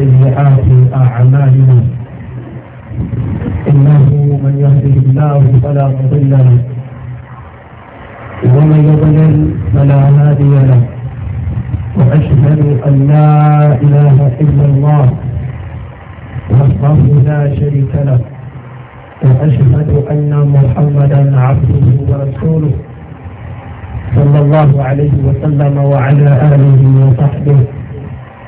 سيئات أعمالنا إنه من يهده الله فلا مضل له ومن يضلل فلا هادي له وأشهد أن لا إله إلا الله وحده لا شريك له وأشهد أن محمدا عبده ورسوله صلى الله عليه وسلم وعلى آله وصحبه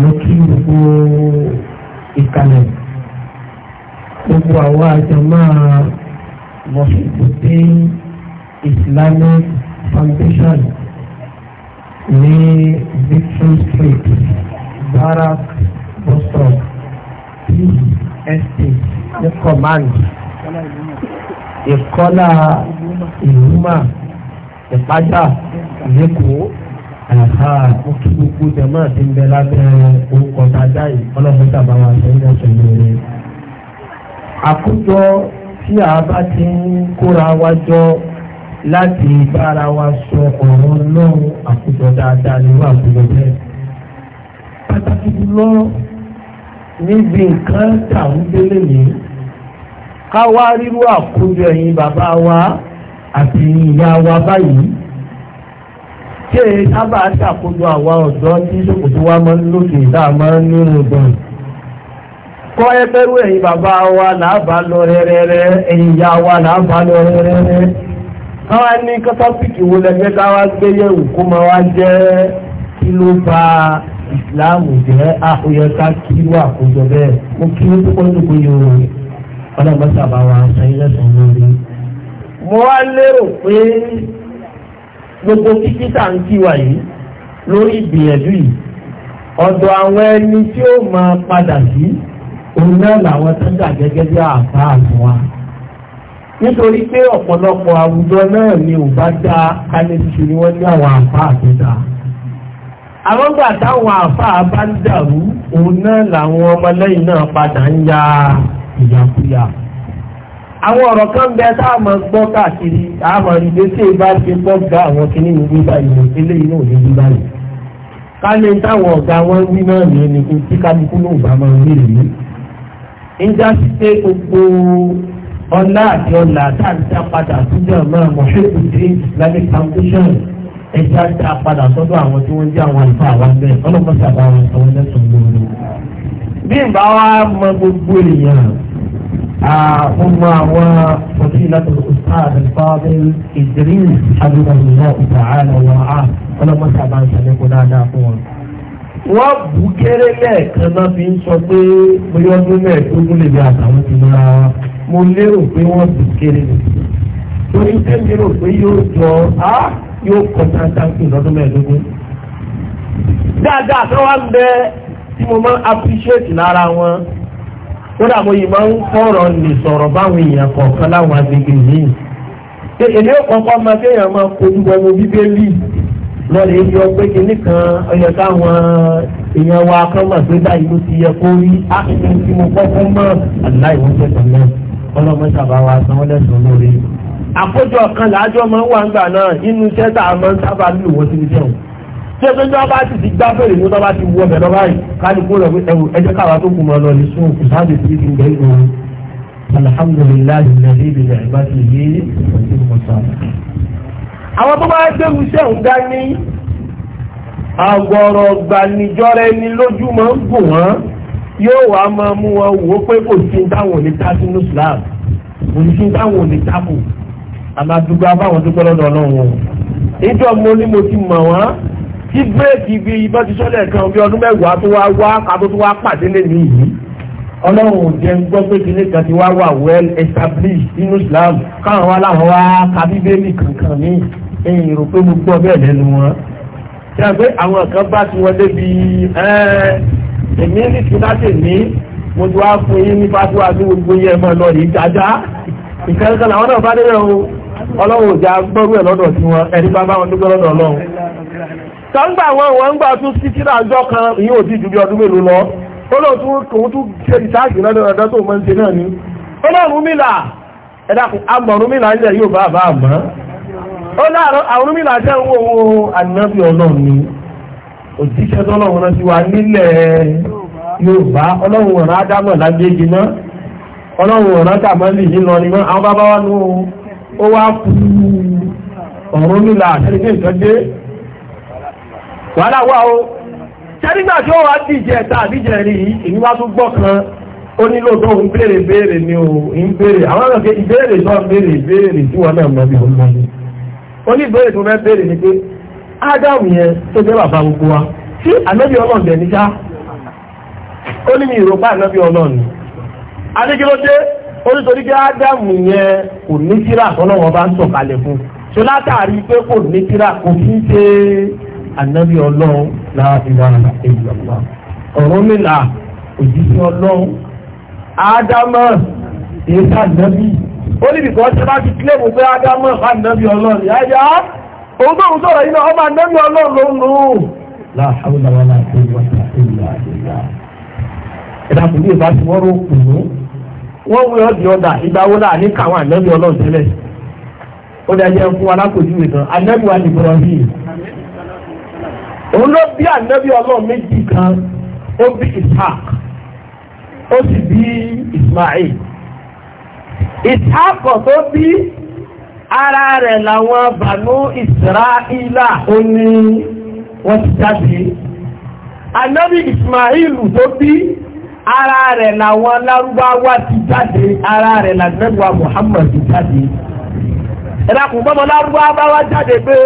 ló kí gbogbo ìkàlẹ̀ gbogbo àwọn àjọmọ́ mọ̀sùlùmí Islamic Foundation ní Victory Street Barak boston estate the command ìkọ́lá ìlúmà ìpájà lẹ́kọ̀ọ́. Òkè gbogbo jẹ̀mọ́ àti ìbẹ̀ lábẹ́ orúkọ dáadáa yìí ọlọ́run sábà wà sẹ́yìn náà sọ̀rọ̀ Àkójọ tí a bá ti ń kóra wa jọ láti bára wa sọ ọ̀rọ̀ náà àkójọ dáadáa nínú àkójọ bẹ́ẹ̀. Pàtàkì jùlọ níbi nǹkan tàwọn délé yìí ká wá rírú àkójọ ẹ̀yin bàbá wa àti ìyá wa báyìí. tí sábà ṣàkójọ àwa ọ̀dọ́ tí wa máa ń lòkè tá a máa ń nínú gan. kọ́ ẹgbẹ́rú ẹ̀yin bàbá wa làbá lọ rẹ́rẹ́rẹ́ ẹ̀yin ìyá wa làbá lọ rẹ́rẹ́rẹ́. káwa ní kọ́tọ́pìkì wo lẹ́gbẹ́ káwa gbé yẹ̀wò kó máa wá jẹ́ kí ló bá ìsìláàmù jẹ́ kí ló àkójọ bẹ́ẹ̀ mo kí tó gbogbo kíkí tá ń kí wa yìí lórí ìgbìyànjú yìí ọ̀dọ̀ àwọn ẹni tí ó máa padà sí òun náà làwọn tó ń dà gẹ́gẹ́ bí àbá àbọ̀ wa nítorí pé ọ̀pọ̀lọpọ̀ àwùjọ náà ni ò bá dá kánẹ́sì ni wọ́n ní àwọn àbá àwọn gbà táwọn àbá ya ìyàkúyà. àwọn ọ̀rọ̀ kan bẹ tá a máa gbọ́ káàkiri tá a máa rí pé tí ìbá ti gbọ́ ga àwọn kìíní ní bíbá ìlú ilé inú òní bíbá yìí ká lè táwọn ọ̀gá wọn wí náà ní ẹni pé tí kálukú náà bá máa wí rèé níjà sí pé gbogbo ọlá àti ọlà tá a ti dá padà síjọ náà mọ̀ṣẹ́kù sí islamic foundation ẹja dá padà sọ́dọ̀ àwọn tí wọ́n jẹ́ àwọn àlùfáà àwọn bẹ́ẹ̀ ọlọ́mọ sàbà wọn sọ wọn lẹ́sùn lórí. bí ìbá wa mọ gbogbo èèyàn هم وفضيلة الأستاذ الفاضل إدريس حفظه الله تعالى ورعاه ọlọ́mọ sábà ń ṣàlékún dáadáa wọ́n bù kéré lẹ́ẹ̀kan náà fi ń sọ pé bóyá ọdún mẹ́ẹ̀ẹ́dógún lè bí àtàwọn ti mo lérò pé wọ́n kéré lè. torí pé mi rò pé yóò jọ á yóò kọ mẹ́ẹ̀ẹ́dógún. dáadáa wá ń bẹ tí mo máa ń appreciate lára wọn. kódà mo yìí máa ń fọ̀rọ̀ lè sọ̀rọ̀ báwọn èèyàn kọ̀ọ̀kan láwọn agbègbè yìí èlé kọ̀ọ̀kan máa kéèyàn máa kojú ọmọ bíbélì lọ́lẹ̀ èyí ọgbẹ́ kìíní kan ọyọ táwọn èèyàn wa kan mà pé báyìí ló ti yẹ kó rí áàpù tí mo kọ́ fún mọ́ aláì wọ́n fẹ́ tán náà ọlọ́mọ sábà wa san wọ́n lẹ́sùn lórí. àkójọ kan làájọ́ máa ń wà ńgbà náà inú iṣẹ́ tá máa ń sábà lù wọ́n síbi jẹun tí o tó jọ bá ti ti gbá fèrè mú tọ́ba ti wú ọbẹ̀ lọ́ba yìí kálukú rẹ̀ ẹ̀wù ẹ̀jẹ̀ káwa tó kù mọ́ lọ ní sún kù sáàbì tí ti gbẹ́ ìlú wọn. alhamdulilayi nàbí ibi rẹ̀ bá ti yé ọtí mọ̀ sáà. àwọn tó bá gbé wuṣẹ́ ń dá ní àgọ̀rọ̀ gbanijọ́rẹ́ ni lójú máa ń gùn wọ́n yóò wá máa mú wọn wò ó pé kò sí táwọn ò ní ta sínú Islam kò sí táwọn ò ní takò àmàdúgbò abáwọn tó gbọ́ lọ́dọ̀ ọlọ́run ìjọ mo ní mo ti mọ̀ wọ́n tí bírèkì bí ibọ́ ti sọ́lẹ̀ kan bí ọdún mẹ́wàá tó wá wá kátó tó wá pàdé lé ní yìí ọlọ́run jẹ́ ń gbọ́ pé kíní kan ti wá wà well established nínú Islam káwọn wá láwọn wá ka bíbélì kankan ní ẹ̀yìn rò pé mo gbọ́ bẹ́ẹ̀ lẹ́nu wọn. ṣé àgbẹ̀ àwọn kan bá ti wọlé bí èmi ní kí láti ní mo ti wá fún yín ní fásitì àti gbogbo yẹn mọ́ lọ rí jájá ìkẹ́kẹ́ làwọn náà bá dé ọlọ́run ò jẹ́ agbọ́rú ẹ̀ lọ́dọ̀ sí wọn ẹni bá dúpẹ́ lọ́dọ̀ ọlọ́run. ka wọn wọn a tún sí tíra kan ìyẹn ò bí ọdún mélòó lọ ó lóun tún òun tún ṣe ìṣáàjì lọ́dọ̀ ọ̀dọ́ tó mọ́ ń náà ni ó lóun mílà mílà ilẹ̀ yóò bá àmọ́ ó mílà jẹ́ owó owó ànábì ọlọ́run ni òjíṣẹ́ tọ́lọ́run Yorùbá ọ̀rún wàhálà wà o nígbà tí ó wá ta àdíjẹ rí wá tún gbọ́ kan ó ní ni o ń àwọn ọ̀nà pé tí náà mọ̀ ní. tó mẹ́ ni pé ádámù yẹn tó jẹ́ bàbá gbogbo wa ànábì ọlọ́run ó ní mi ànábì ọlọ́run ó ní torí pé ádámù yẹn kò ní tíra bá ń sọ̀kalẹ̀ fún pé kò ní tíra kò fi ń ṣe ànábì ọlọ́run láàbíwá ìlọ́lá ọ̀rọ̀ mìlá òjíṣẹ́ ọlọ́run ádámọ̀ èyí ànábì ó níbi kan ṣe bá ti kílẹ̀mù pé ádámọ̀ ànábì ọlọ́run yáyá òun tó ń sọ̀rọ̀ yìí náà ọmọ ànábì ọlọ́run ló ń lò ó láàbíwá ìlọ́lá ìdàkùn bí ìbá ti wọ́rọ̀ òkùnú wọ́n wí ọ́dì ọ̀dà ìgbàwó náà ní káwọn ànábì ọlọ́run tẹ́lẹ̀ ó dájẹ́ fún alákòjú ìtàn ànábì wa ní bọ́ọ̀lì òun ló bí ànábì ọlọ́run méjì kan ó bí ishaq ó sì bí ismail ishaq tó bí ara rẹ̀ làwọn bànú israẹ́lá ó ní wọ́n ti jáde ànábì ismail tó bí ara rẹ̀ làwọn lárúbáwá ti jáde ara rẹ̀ làgbẹ́gbà muhammad ti jáde ẹ̀dàkùn bọ́mọ lárúbáwá jáde pé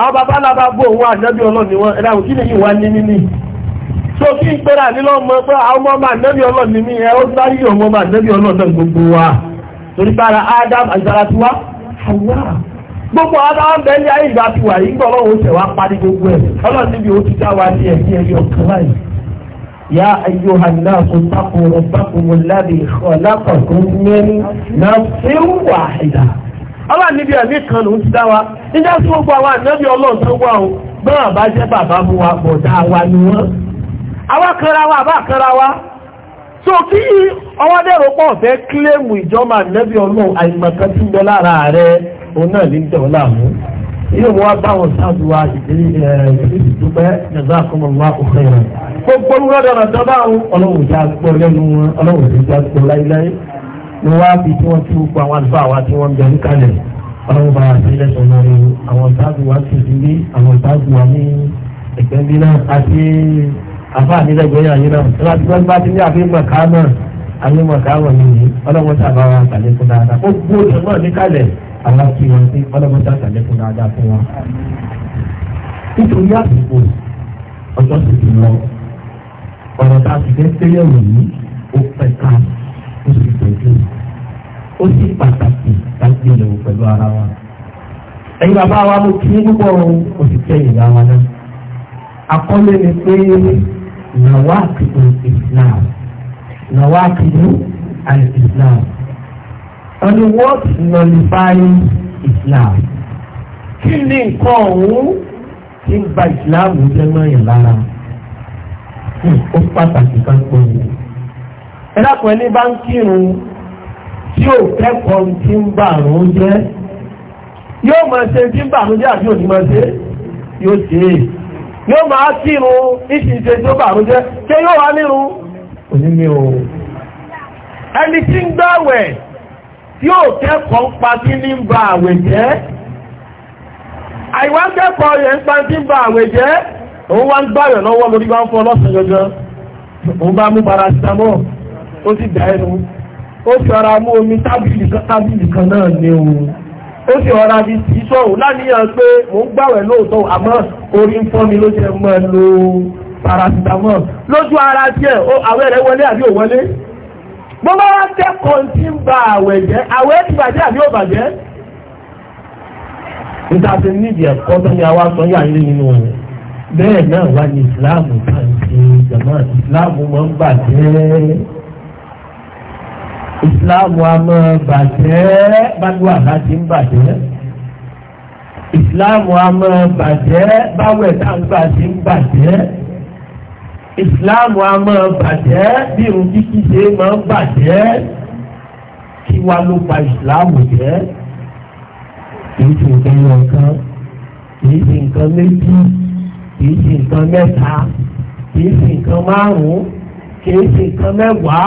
àwọn bàbá lábá bó òun ànábì ọlọ́run ni wọ́n ẹ̀dàkùn kí ni yìí wá ní níní so kí n pẹ́rà nílọ mọ pé àwọn ọmọ ànábì ọlọ́run ni mí ẹ ó sáré ọmọ ọmọ ànábì ọlọ́run náà gbogbo wa torí bára Adam àìsára ti wá àwọ̀ gbogbo Adam bẹ́ẹ̀ ní ayé ìgbà ti wà yìí gbọ́ ọlọ́run ó tẹ̀ wá parí gbogbo ẹ̀ ọlọ́run níbi ó ti dá wa ní ẹ̀mí ẹ̀yọ kan láì يا أيها الناس اتقوا ربكم الذي خلقكم من نفس واحدة ọlá níbi ẹ̀mí kan ló ń dá wa níjá sí gbogbo àwọn ànábì ọlọ́run tó wà ó gbọ́n àbá jẹ́ bàbá mú wa bọ̀dá wa ni wọ́n àwa kanra wa àbá kanra wa so kí ọwọ́ dẹ̀rọ pọ̀ fẹ́ kílẹ̀mù ìjọba ànábì ọlọ́run àìmọ̀kan tí ń bẹ lára rẹ̀ òun náà ní ìjọ láàmú ni wọ́n á fi tí wọ́n ti gbogbo àwọn àlùfáà wa tí wọ́n ń bẹ̀rù kalẹ̀ ọlọ́run bá àti lẹ́sọ̀ lórí àwọn ìtaàgù wa ti ti rí àwọn ìtaàgù wa ní ẹ̀gbẹ́ bí náà àti àfáà nílẹ̀ gbẹ́yà yìí náà tí wọ́n ti gbọ́n bá ti ní àfi mọ̀ká náà àfi mọ̀ká wọ̀ nìyí ọlọ́run sábà wa kàlẹ́ fún dáadáa ó gbó ìjọba ní kalẹ̀ àwọn kí wọn sí ọlọ́run sábà kàlẹ́ fún dáadáa fún wa. nítorí àsìkò ọjọ́ ó sì tọ́jú ó sì pàtàkì láti pẹ̀lú ara wa. ẹ̀yin bàbá wa mo kí púpọ̀ o sì tẹ́ ìyá wa náà. àkọlé ni pé nàwáàkìdù Islam nàwáàkìdù al-Islam only what nullifying Islam kí ni nǹkan ọ̀hún tí ń ba Islam jẹ́ mọ́ yẹn lára hmm, ó pàtàkì kan pọ̀ yìí. ẹ̀dàkùn ẹni bá ń kírun tí ò kẹ́kọ̀ọ́ tí ń bà rún jẹ́ yóò máa ṣe tí ń bà rún jẹ́ àbí òní máa ṣe yóò ṣe é yóò máa kírun ìṣìṣe tí ó bà rún jẹ́ ṣé yóò wá nírun òní mi ò ẹni tí ń gbàwẹ̀ tí ò kẹ́kọ̀ọ́ ń pa kí ní ń ba àwẹ̀ jẹ́ àìwá kẹ́kọ̀ọ́ yẹn ń pa kí ń ba àwẹ̀ jẹ́ òun wá ń gbàwẹ̀ lọ́wọ́ lórí bá ń fọ́ lọ́sàn-án òun bá mú paracetamol ó sì dá ẹnu ó sì ọ̀rá mú omi tábìlì kan náà ní òun ó sì ọ̀rá bí tí sọ̀rọ̀ láníyàn pé mò ń gbàwẹ̀ lóòótọ́ àmọ́ orí ń fọ́ mi ló jẹ́ mọ́ lo paracetamol lójú ara díẹ̀ àwẹ̀ rẹ̀ wọlé àbí ò wọlé gbogbo wa kẹ́kọ̀ọ́ tí ń ba àwẹ̀ jẹ́ àwẹ̀ ti bàjẹ́ àbí ò bàjẹ́ níta ti níbi ẹ̀kọ́ tó ní àwa sọ yà ń nínú rẹ̀ bẹ́ẹ̀ náà wá ní ìsìláàmù bá ń ṣe jàmáà ìsìláàmù máa ń bàjẹ́ ìsìláàmù a máa bàjẹ́ báwẹ̀ àláti ń bàjẹ́ ìsìláàmù a máa bàjẹ́ báwẹ̀ táǹgbà ti ń bàjẹ́ ìsìláàmù a máa bàjẹ́ bí irun kíkí ṣe máa ń bàjẹ́ kí wá ló pa ìsìláàmù jẹ́ kìí ṣe nǹkan yọ nǹkan kìí ṣe nǹkan méjì kìí ṣe nǹkan mẹ́ta kìí ṣe nǹkan márùn-ún kìí ṣe nǹkan mẹ́wàá.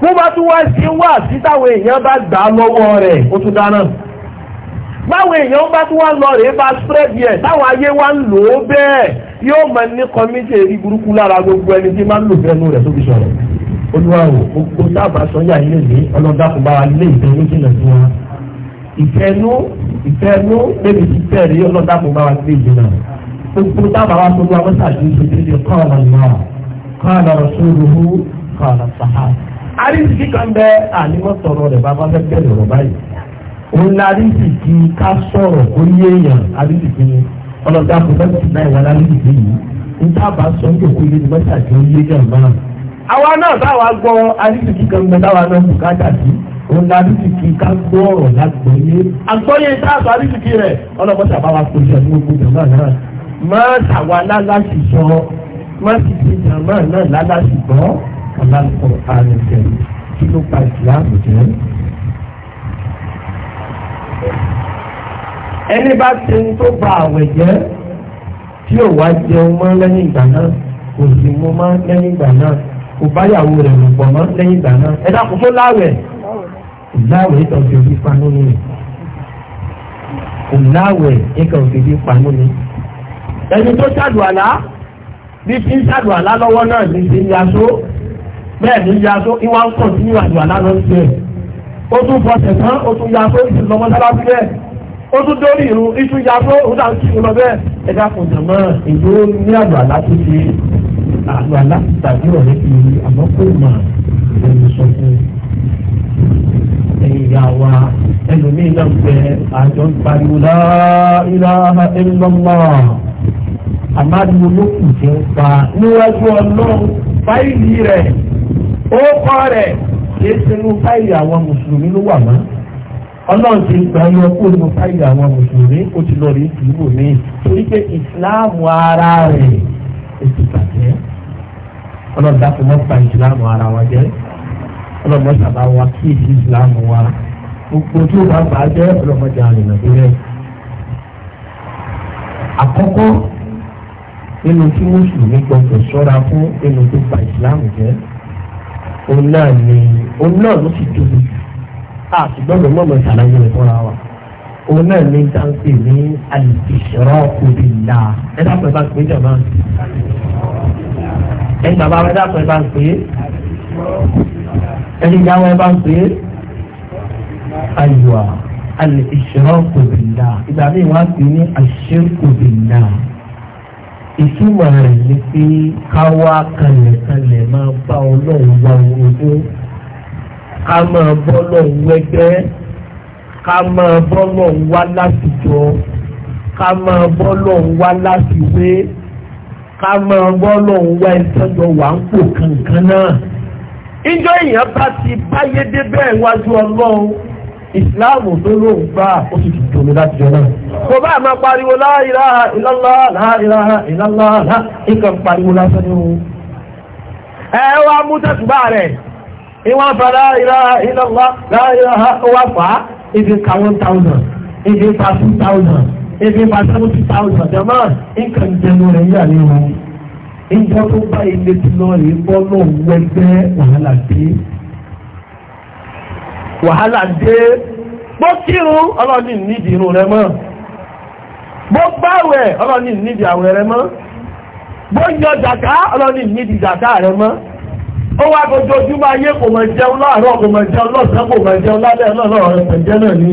bó bá tún wá sí wà sí táwọn èèyàn bá gbà lọ́wọ́ rẹ̀ ó tún dáná báwọn èèyàn bá tún wá lọ rèé bá spread yẹ táwọn ayé wá ń lò ó bẹ́ẹ̀ yóò máa ní kọ́míṣẹ́ èrí burúkú lára gbogbo ẹni tí máa ń lò fẹ́nu rẹ̀ tó fi sọ̀rọ̀ olúwa o gbogbo dábàá sọ́yà ilé mi ọlọ́dàkùn bá wa lé ìfẹ́ ní jìnnà sí wa ìfẹ́nu ìfẹ́nu débi ti fẹ́ rí ọlọ́dàkùn bá wa lé ìjìnnà gbogbo dábàá wa tó wá mọ́tàdínlógún kọ́ ọ̀nà ìmọ̀ kọ́ ọ̀nà kọ́ọ̀lá sàhárà. àríṣìkí kan bẹ sọ̀rọ̀ rẹ̀ bá fẹ́ bẹ̀rẹ̀ báyìí. òun la ká sọ̀rọ̀ kó yé èèyàn ni ọlọ́dà kò fẹ́ tì náà ìwà àríṣìkí yìí. níta bá sọ ní òkú ilé ni mọ́tà tí ó yé jàmbá. àwa náà táwa gbọ́ àríṣìkí kan táwa náà sí òun la ká gbọ́ ọ̀rọ̀ Al-Qur'an al-Karim kí ló pa ìsìláàmù jẹ́. ẹni bá ti ń tó ba àwẹ̀ jẹ́ tí ò wá jẹun mọ́ lẹ́yìn ìgbà náà kò sì mú mọ́ lẹ́yìn ìgbà náà kò báyàwó rẹ̀ lò pọ̀ mọ́ lẹ́yìn ìgbà náà ẹ dákun tó láwẹ̀ láwẹ̀ ìtọ́jú orí panú ni kò láwẹ̀ ìkàn òfìdí panú ni ẹni tó ṣàdùàlá bí ti ń ṣàdùàlá lọ́wọ́ náà ní ti ń yasó bẹ́ẹ̀ ni ya tó ìwà ń kàn sínú àjò àlálọ́ sí ẹ̀ ó tún fọṣẹ̀ tán ó tún ya tó ìṣù lọ́mọ sára sí ẹ̀ ó tún dórí ìrù ìṣù ya tó ó ń kí lọ bẹ́ẹ̀ ẹ dákun jàmọ́ ìjó ní àjò àlá tó ti àjò àlá tàbí ọ̀rẹ́ ti àmọ́ kó mà ẹni sọ fún ẹ̀yìn ìyá wa ẹlòmíín náà bẹ àjọ pariwo láìlá ẹlọ́mọ àmàlùmọ́ ló kù jẹ́ pa níwájú ọlọ́run fáìlì rẹ̀. ó kọ́ rẹ̀ kìí ṣe inú fáìlì àwọn mùsùlùmí ló wà mọ́ ọlọ́run ti gbà yọ kó inú fáìlì àwọn mùsùlùmí ó ti lọ rí mi torí pé ìsìláàmù ara rẹ̀ ètò ìbàjẹ́ ọlọ́run dákun mọ́ pa ara wa jẹ́ ọlọ́run mọ́ sábà wa kí ìsìláàmù wa gbogbo tí ó bá bàá jẹ́ àkọ́kọ́ nínú tí mùsùlùmí òun náà ni òun náà ló sì tóbi a sì gbọ́dọ̀ mọ̀mọ́ ìṣàlàyé rẹ̀ fúnra wa òun náà ni dáńpé ní alìsirọ́ òbí là ẹ dápẹ́ bá ń pè jọba ẹ gbà bá ẹ dápẹ́ bá ń pè ẹ ní ìyá wọn bá ń pè ayọ̀ alìsirọ́ òbí là ìgbà míì wọ́n á pè ní àṣírò òbí là ìtumọ̀ rẹ̀ ni pé ká wá kalẹ̀kalẹ̀ máa bá ọlọ́run wá ogún ká máa bọ́lọ́run wẹgbẹ́ ká máa bọ́lọ́run wá látijọ́ ká máa bọ́lọ́run wá láfiwé ká máa bọ́lọ́run wá ìtọ́jọ́ wà ń pò kankan náà. ìjọ èèyàn bá ti báyé dé bẹ́ẹ̀ wájú ọlọ́run ìsìláàmù tó lóun gbà ó sì ti dòmí láti jọ náà. kò bá àmà pariwo la ilaha illallah la ilaha illallah nǹkan pariwo lásán ní òun. ẹ wá mú tẹ̀sùbá rẹ̀ ìwọ̀n fa la ilaha illallah la ilaha ó wá fà á ibi ka one thousand ibi ka two thousand ibi ka seventy thousand jọ̀mọ́ nǹkan jẹnu rẹ̀ yà ní òun. ìjọ tó bá ilé tí lọ́ọ̀rì bọ́ lóun wẹgbẹ́ wàhálà dé. wàhálà dé bó kírun ọlọ́ni nídìí irun rẹ mọ́ bó gbàwẹ̀ ọlọ́ni nídìí àwẹ̀ rẹ mọ́ bó yọ jàká ọlọ́ni nídìí jàká rẹ mọ́ ó wá gbogbo ojúmọ́ ayé kò mọ̀ jẹun láàárọ̀ kò mọ̀ jẹun lọ́sàn mọ̀ jẹun ni.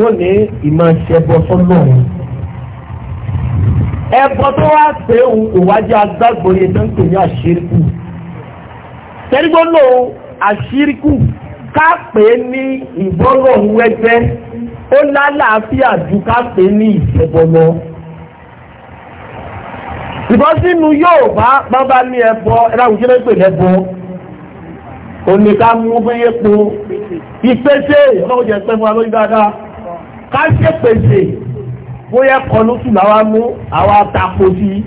wọ́n ní ìmọ̀ ṣẹbọ sọ́nà ọ̀hún. ẹbọ tó wá pé òun kò wájú agbágbó yẹn tó ń pè ní àṣírikù. tẹ́lifóònù àṣírikù ká pè é ní ìbọ́lọ̀ wẹ́gbẹ́ ó lálàáfíà ju ká pè é ní ìṣẹbọ lọ. ìbọn sínú yóò bá bábá ní ẹbọ ẹ̀rọ àwùjọ náà pè lẹ́bọ oníkàmú fún yẹpo ìpèsè ọlọ́wọ́ jẹ́ pẹ́ fún wa lórí dáadáa ká ṣèpèsè bóyá kọlùtù làwa mú àwa tako sí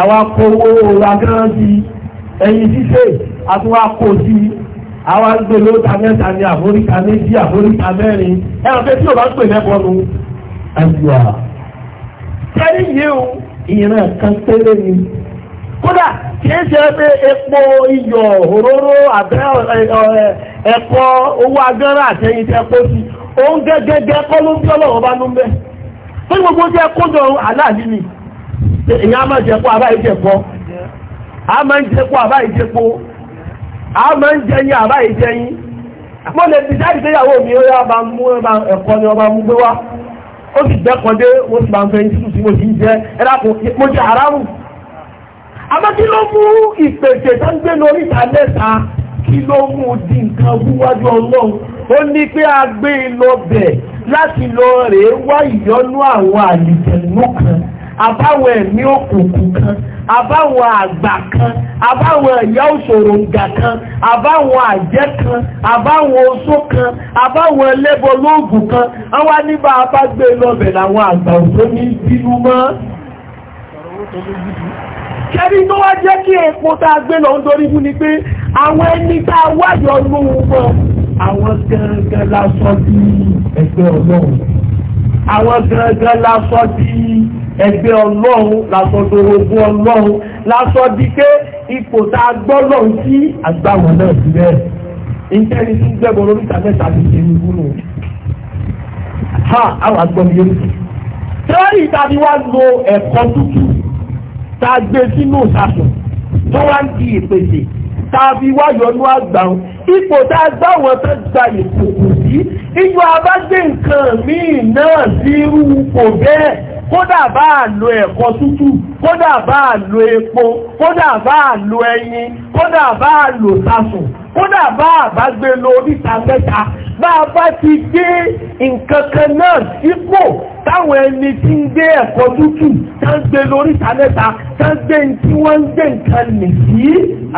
àwa kó owó agán sí ẹyin ṣíṣe àtúwà kó sí àwa ń gbé lóta mẹ́ta ní àforíta méjì àforíta mẹ́rin ẹ̀rọ pé tí o bá ń pè lẹ́kọ̀ọ́ nu àjùwà. kẹ́rin ìran kan péré ni kódà kìí ṣe pé epo iyọ̀ òróró àbẹ́ ẹ̀kọ́ owó agánrà àtẹ̀yìn tẹ́ kó sí òun gẹ́gẹ́gẹ́ kọ́ ló ń bí ọlọ́run bá ló ń bẹ́ tó gbogbo jẹ́ kójọ aláàlí ni èèyàn á máa jẹ kó àbá ìjẹpọ á máa ń jẹ kó àbá ìjẹpo á máa ń jẹ yín àbá mo lè jáde ìyàwó mi ó bá mú ẹ̀kọ́ ni ọba kí ló mú di nǹkan wíwájú ọlọ́run ó ní pé a gbé e lọ bẹ̀ láti lọ rèé wá ìyọ́nú àwọn àlìjẹ̀nú kan àbáwọn ẹ̀mí òkùnkùn kan àbáwọn àgbà kan àbáwọn ẹ̀yà òṣòro ǹgà kan àbáwọn àjẹ́ kan àbáwọn oṣó kan àbáwọn ẹlẹ́bọ lóògùn kan àwọn níbà bá gbé e lọ́bẹ̀ làwọn àgbà òṣó ní bínú mọ́ kẹ́rí tó wá jẹ́ kí epo tá a gbé lọ ń dorí fún ni pé àwọn ẹni tá a wáyọ̀ ọdún wọn àwọn gangan la sọ di ẹgbẹ́ ọlọ́run àwọn gangan la sọ di ẹgbẹ́ ọlọ́run la sọ di orogún la sọ di pé ipò tá a gbọ́ lọ́run sí àgbàwọ̀n náà síbẹ̀ ìtẹ́ni tún gbẹ̀bọ̀ lórí ìtàkẹ́ta ti ṣe irú nù. ha àwọn àgbọ̀n yẹn ti. tẹ́lẹ̀ ìtàdí wa lo ẹ̀kọ́ tútù tá a gbé sínú ìsàkùn tó wá ń di ìpèsè tàbí wáyọnú àgbà wọn ipò tá a gbá wọn tó gba ìkòkò sí iyọ̀ abágbé nǹkan míì náà sí irú ipò bẹ́ẹ̀ kódà bá lo ẹ̀kọ́ tútù kódà bá lo epo kódà bá lo ẹyin kódà bá lo sasùn kódà bá bá gbé lo oríta mẹ́ta bá bá ti gbé nǹkankan náà sípò táwọn ẹni tí ń gbé ẹ̀kọ́ tútù tá ń gbé lo oríta mẹ́ta tá ń gbé tí wọ́n ń gbé nǹkan nì sí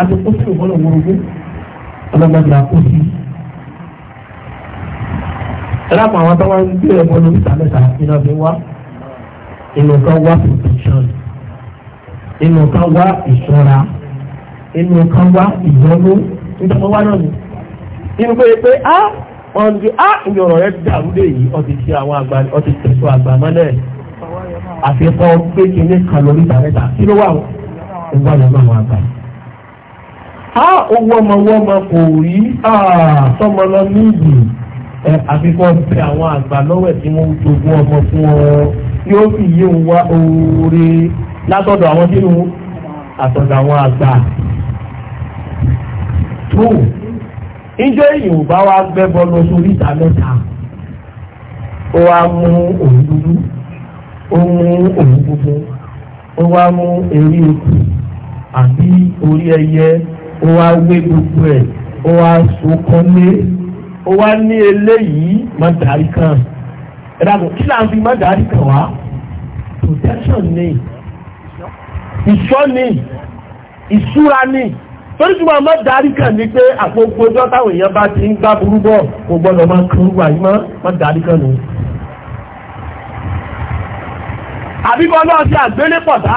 àdókò sí ìwọ́n lọ́wọ́ ogún ọlọ́gbàgbà kó sí ẹlápàá àwọn tó wá ń gbé ẹ̀kọ́ lo mẹ́ta iná fi inú ká wá protection inú ká wá ìṣọ́ra inú ká wá nígbà wá náà ni inú pé pé á wọn ti á ìyọ̀rọ̀ rẹ dàrú lè yí ọtí ti àwọn àgbà ọtí tẹ̀sọ̀ àgbà mọ́lẹ̀ àfikọ́ pé kí ọmọ owó ọmọ kò rí sọmọ lọ ní àfikọ́ àwọn àgbà lọ́wọ́ ẹ̀ tí wọ́n jogún ọmọ fún yóò sì yé òun oore látọ̀dọ̀ àwọn sínú àtọ̀dọ̀ àwọn àgbà. tó ìjọ èyí ò bá wa gbẹ́bọ lọ sórí ìta mẹ́ta ó wá mú òun dúdú ó mú òun funfun ó wá mú eré eku àbí orí ẹyẹ ó wá wé gbogbo ẹ̀ ó wá so kan lé ó wá ní eléyìí má darí kan ẹ̀dàgùn kí láà ń fi mọ́gàárì kàn wá protection ni ìṣọ́ ni ìṣúra ni torí tí wọ́n mọ́gàárì kàn ní pé àpòpò ọjọ́ táwọn èèyàn bá ti ń gbá burú bọ̀ kò gbọ́dọ̀ máa kan wà yìí mọ́ mọ́gàárì kàn nù. àbíkọ́ náà ti àgbélé pọ̀tá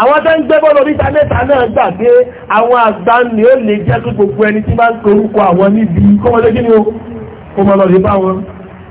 àwọn tó ń gbé bọ́ọ̀lù oríta mẹ́ta náà gbà pé àwọn àgbà ni ó lè jẹ́ pé gbogbo ẹni tí máa ń korúkọ àwọn níbi kọ́mọlé kí ni ó kọ́mọlọ́dé bá wọn.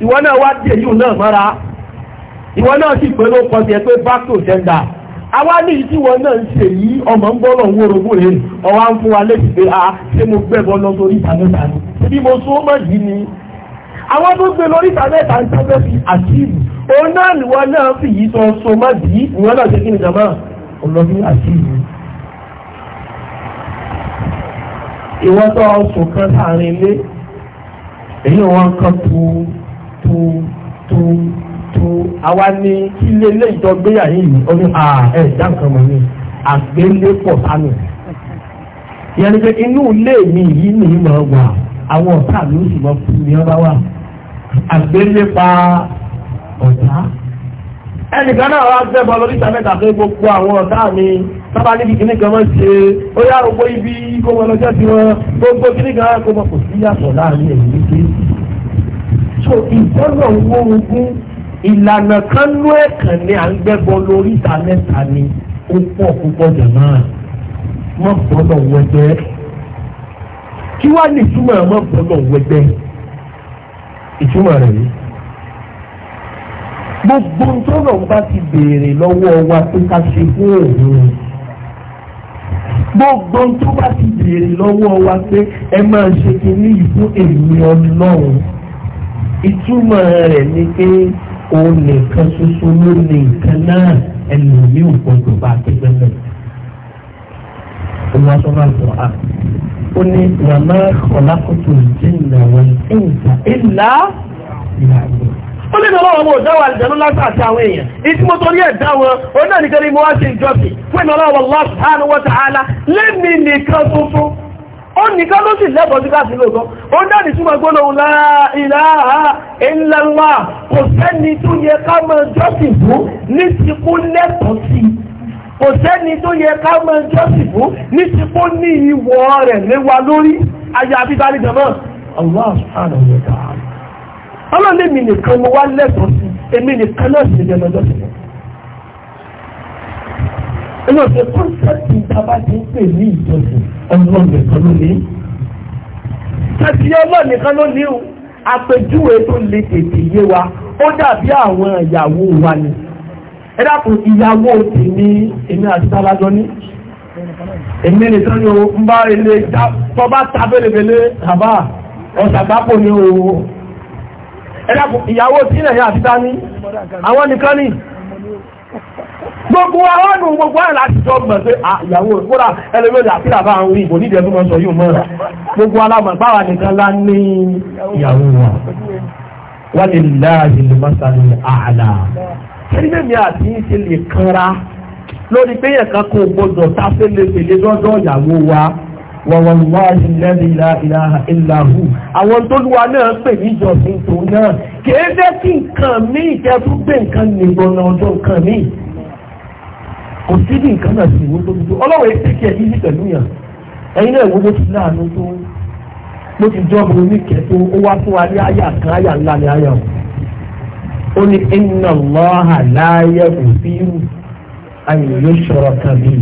ìwọ náà wá dé yìí náà mọ́ra ìwọ náà sì pé ló kọ́ sí ẹ pé back to sender àwa ní ìdí ìwọ náà ń ṣe yìí ọmọ ń bọ́ lọ́wọ́ orogún rẹ̀ ọwọ́ ń fún wa létí pé a ah, ṣé mo gbẹ̀bọ lọ sórí ìta mẹ́ta ni ṣébí mo sún mọ́ yìí ni àwọn tó gbé lórí ìta mẹ́ta ń sábẹ́ fi àṣìlù òun náà ìwọ náà fi yìí sọ so mọ́ yìí ìwọ náà ṣe kí ni jàmá ọlọ́dún àṣìlù ìwọ tó sùn kan sáàrin ilé èyí wọn kan tu tó tó tó àwa ní ilé ilé yìí ó ní à mọ̀ àgbélé pọ̀ sánù pé inú ilé mi yìí ni mo wà àwọn ọ̀tá mi ó sì mọ fún mi wa àgbélé pa ọ̀tá ẹnìkan náà wá lórí pé gbogbo àwọn ọ̀tá mi sábà kan máa ń ṣe ó yá ibi kó wọn lọ gbogbo kó wọn kò sí yàtọ̀ láàrin so ìjọ́nà owó ogún ìlànà kan ló ẹ̀kàn ni à ń gbẹ́bọ lórí ìta mẹ́ta ni ó pọ̀ púpọ̀ jàmá mọ̀ bọ́lọ̀ wẹ́gbẹ́ kí wàá ní ìtumọ̀ mọ̀ bọ́lọ̀ wẹ́gbẹ́ ìtumọ̀ rẹ̀ yìí gbogbo tọ́lọ̀ bá ti béèrè lọ́wọ́ wa pé ká ṣe fún òun gbogbo tó bá ti béèrè lọ́wọ́ wa pé ẹ máa ṣe kínní yìí fún èmi ọlọ́run ìtumọ̀ rẹ̀ ni pé òun nìkan ṣoṣo ló ní nǹkan náà ẹlòmíì ò gbọdọ̀ bá akẹgbẹ́ mọ́. Olúwa sọ máa sọ à ó ní wàmá ọ̀làkùtù ìjìnlẹ̀ wọn ìjà ìlà ìlà ìlú. ó ní ìdánwò àwọn òdáwà àlìjáná lásán àti àwọn èèyàn ìtí mo torí ẹ̀ dá wọn òun náà nìkan ni mo wá ṣe ìjọsìn fún ìnáwó Allah subhanahu lẹ́mìí nìkan tuntun ó nìkan ló sì lẹ́bọ̀ọ́ sí káàkiri lóòtọ́ ó dáàdì túnmọ̀ gbólóhùn la ilaha illallah kò sẹ́ni tó yẹ ká máa jọ́sìn fún ní ti kú lẹ́tọ̀ọ́ sí kò sẹ́ni tó yẹ ká máa jọ́sìn fún ní ti kú ní ìwọ̀ rẹ̀ léwa lórí ayé abíbálẹ̀ jọmọ́ Allah subhanahu wa ta'ala ọlọ́lẹ́mì nìkan mo wá lẹ́tọ̀ọ́ sí èmi nìkan náà sì lẹ́mọ̀ jọ́sìn inú ọ̀sẹ̀ kọ́ńtẹ́ẹ̀tì ìjọba ti ń pè ní ìjọsìn ọlọ́run nìkan ló ní. àti ọlọ́run nìkan ló ní o àpèjúwe tó lè tètè yé wa ó dàbí àwọn ìyàwó wa ni ẹ dàpọ̀ ìyàwó ti ní èmi àti tálájọ ní èmi nìkan ni o ń bá ilé tọ́ba ta bẹ́lẹ̀bẹ́lẹ́ àbá ọ̀sàgbápò ni o ẹ dàpọ̀ ìyàwó tí ilẹ̀ yẹn àti ta ní àwọn nìkan ni gbogbo àwọn ọdún gbogbo ẹ̀ láti jọ gbọ̀n pé ah, ìyàwó ìkúra ẹlẹ́mẹ́lẹ́ àfíà bá ń rí ìbò nídẹ̀ẹ́ tó sọ yóò mọ́ra gbogbo alámọ̀ nìkan lá ní ìyàwó wa wọ́n lè láàyè lè má sáré àlà àti ṣe lè kanra lórí pé yẹn kan kò gbọdọ̀ tá lè fèlè lọ́dọ̀ ìyàwó wa wàwàláhì lẹ́rìí láìláha ìlàhù àwọn tó lúwa náà pè ní ìjọsìn tó náà kìí jẹ́ nǹkan míì jẹ́ tó gbé nǹkan nìgbọ̀nà ọjọ́ nǹkan míì kò sí bí nǹkan náà sì wó tóbi tó ọlọ́wọ́ yìí tẹ̀kí ẹ̀ yíyí pẹ̀lú yàn ẹ̀yin náà wo bó ti láàánú tó bó ti jọ́ bu oníkẹ́ tó ó wá fún wa ní àyà kan àyà ńlá ní àyà o ó ní iná lọ́hà láyé kò sí irú yóò ṣọ̀rọ̀ kan bí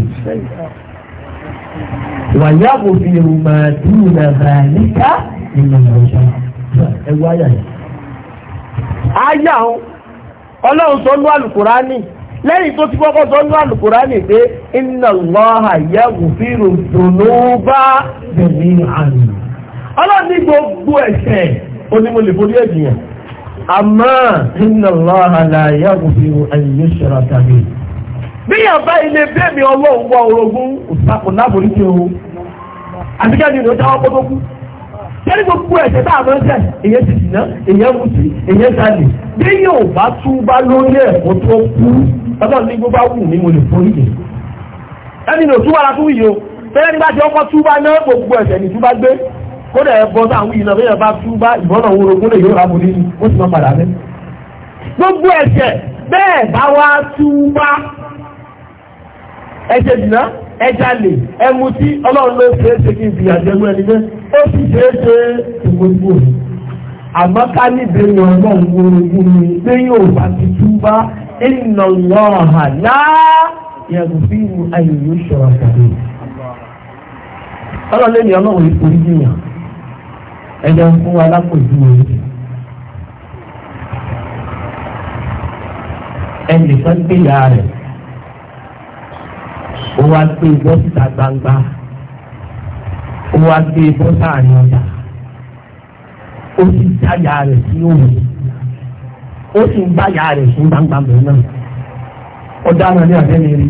wàyà kò fi irú màá dùn náà bá níta nínú ìrọ̀jà ẹ wáyà yìí. ọlọ́run tó ń lọ àlùkùránì. lẹ́yìn tó ti kọ́kọ́ sọ ọlọ́run ní gbogbo ẹ̀ṣẹ̀ onímọ̀lẹ́fọ́lì ẹ̀jìyàn àmọ́ inna Allaha la yaghfiru an yushraka bí yàrá ilé bẹ́ẹ̀mí ọlọ́run orogún tí o tẹ́lẹ̀ gbogbo tá a máa ń èyẹ ti èyẹ èyẹ bí yóò ọlọ́run ní gbogbo awù mi mo lè forí yìí ẹni ní òtúbà la tún yìí o fẹ́rẹ́ nígbà tí ọkọ̀ túbà náà gbogbo ẹ̀ṣẹ̀ ní túbà gbé kódà ẹ bọ́ sáà wíyìn náà bẹ́ẹ̀ bá túbà ìbọn náà wúro kó lè yóò rámu nínú ó sì máa padà mẹ́. gbogbo ẹ̀ṣẹ̀ bẹ́ẹ̀ bá wá túbà ẹ̀ṣẹ̀ dìná ẹja lè ẹmu tí ọlọ́run ló ṣe é ṣe kí n fi inna Allaha la yaghfiru an yushraka bihi ọlọ́lẹ́ ni ọlọ́run yìí forí jìyàn ẹ̀jẹ̀ fún wa lápòjú rẹ̀ ẹnìkan gbéyà rẹ̀ ó wá gbé bọ́ síta gbangba ó wá gbé bọ́ sáàrin ọjà ó sì jáyà rẹ̀ sí òun ó sì ń báyà rẹ̀ sí gbangba bẹ̀rẹ̀ náà ọ̀daràn ní àbẹ́lẹ̀ rí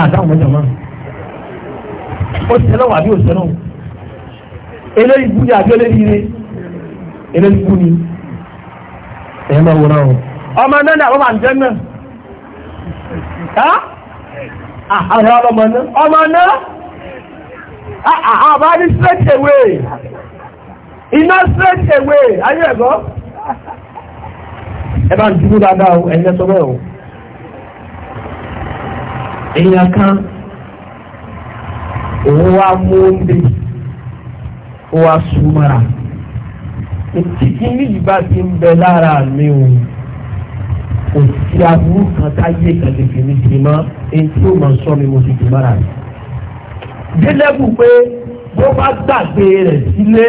àdáhùn mọ́jọ máa ó ti tẹ́lọ́wọ́ àbí òṣèlọ́ eléyìí bú ní àbí eléyìí rí eléyìí bú ni ẹ̀ máa wòrán o ọmọ náà ní àwọn àǹjẹ́ náà àwọn ọlọ́mọ náà ọmọ náà àbá ní straight away iná straight away ayé ẹ̀gọ́ ẹ bá ń dúró dáadáa o ẹ̀yin ẹ̀sọ́ bẹ́ẹ̀ o èèyàn kan òun wá mú oúnjẹ ó wá súnmọ́ra ètí kìíní yìí bá ti ń bẹ lára mi o kò sí aburú kan táyé kan mi jì mọ́ èyí tí ó máa sọ mi mo ti mọ́ra rẹ̀ délẹ́bù pé bó bá gbàgbé rẹ̀ sílé.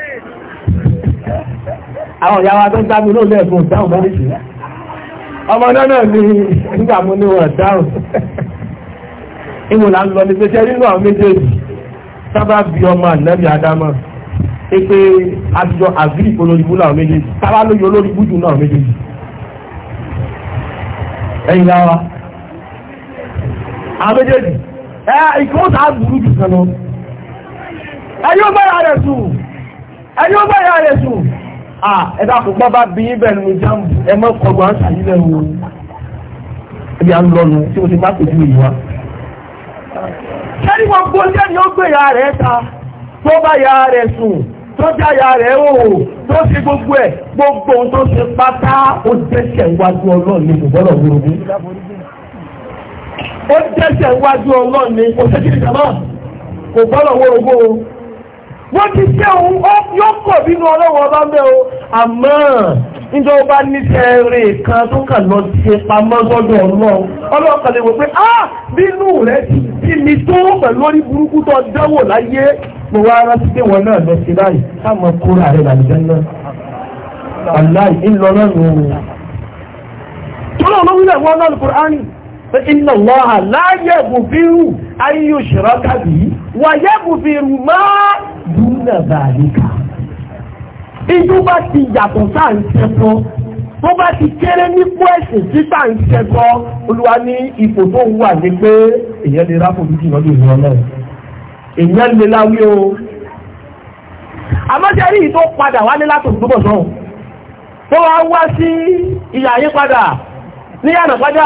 àwọn ìyá wa tó ń dábí ló lẹ́ẹ̀kún dáhùn mọ́rìsì ọmọ náà náà ní nígbà mú ní wọn dáhùn ìwòlà ń lọ ní pé ṣe nínú àwọn méjèèjì sábà bí ọmọ ànábì adámọ́ pé àjọ àbírí olóríbú làwọn méjèèjì sábà lóye olóríbú jù náà méjèèjì ẹ̀yìn láwa àwọn méjèèjì ẹ̀ ìkọ́ta burú jù kan lọ ẹ̀yọ́ bẹ́ẹ̀ rẹ̀ sùn ẹni ó báyà rẹ̀ sùn ẹ̀dá àpòpọ̀ bá bí yín bẹ̀rù ní jáàmù ẹ mọ́ kọgbọ́n àṣà yìí lẹ̀ wò ẹbí à ń lọ́nu tí mo ti má pèjú ìlú wa. sẹ́ni gbogbo sẹ́ni ó gbé ya rẹ̀ ta tó bá ya rẹ̀ sùn tó já ya rẹ̀ o tó ṣe gbogbo ẹ̀ gbogbo ohun tó ṣe pátá ó dẹ́ṣẹ̀ wájú ọlọ́run ní ìbọ̀lọ̀ gbòòrò ó dẹ́ṣẹ̀ wájú ọlọ́run ní kò sẹ́kìrì jàmá kò bọ́lọ̀ wọ́rọ̀gbọ́ bó ti ṣe òun yóò pọ̀ bínú ọlọ́wọ́ ọba ń bẹ́ o àmọ́ níjọ bá níṣẹ́ rè kan tó kàn lọ ṣe pamọ́ sọ́dọ̀ ọlọ́run ọlọ́run kan lè wò pé á ah, bínú rẹ̀ ti bí mi tó pẹ̀lú orí burúkú tó dánwò láyé mo wá rántí pé wọn náà lọ sí báyìí káwọn kóra rẹ̀ làlùjẹ́ náà aláì ńlọ náà nù ú. tó náà ló wílẹ̀ wọn náà pé iná lọ́hà láyé gùfìrù ayé òṣèrọ́ tàbí wàyé gùfìrù máa dúnà bàálíkà ìjú bá ti yàtọ̀ sáà ń ṣẹ́kọ́ tó bá ti kéré nípò ẹ̀sìn tí sáà ń ṣẹ́kọ́ olúwa ní ipò tó wà ní pé èèyàn lè rápò lójú ìrọ́lẹ̀ ìrọ́ náà lè láwí o àmọ́ ṣe rí padà wálé látòkù tó bọ̀ sọ́hùn tó wá wá sí ìyà yí padà níyànà padà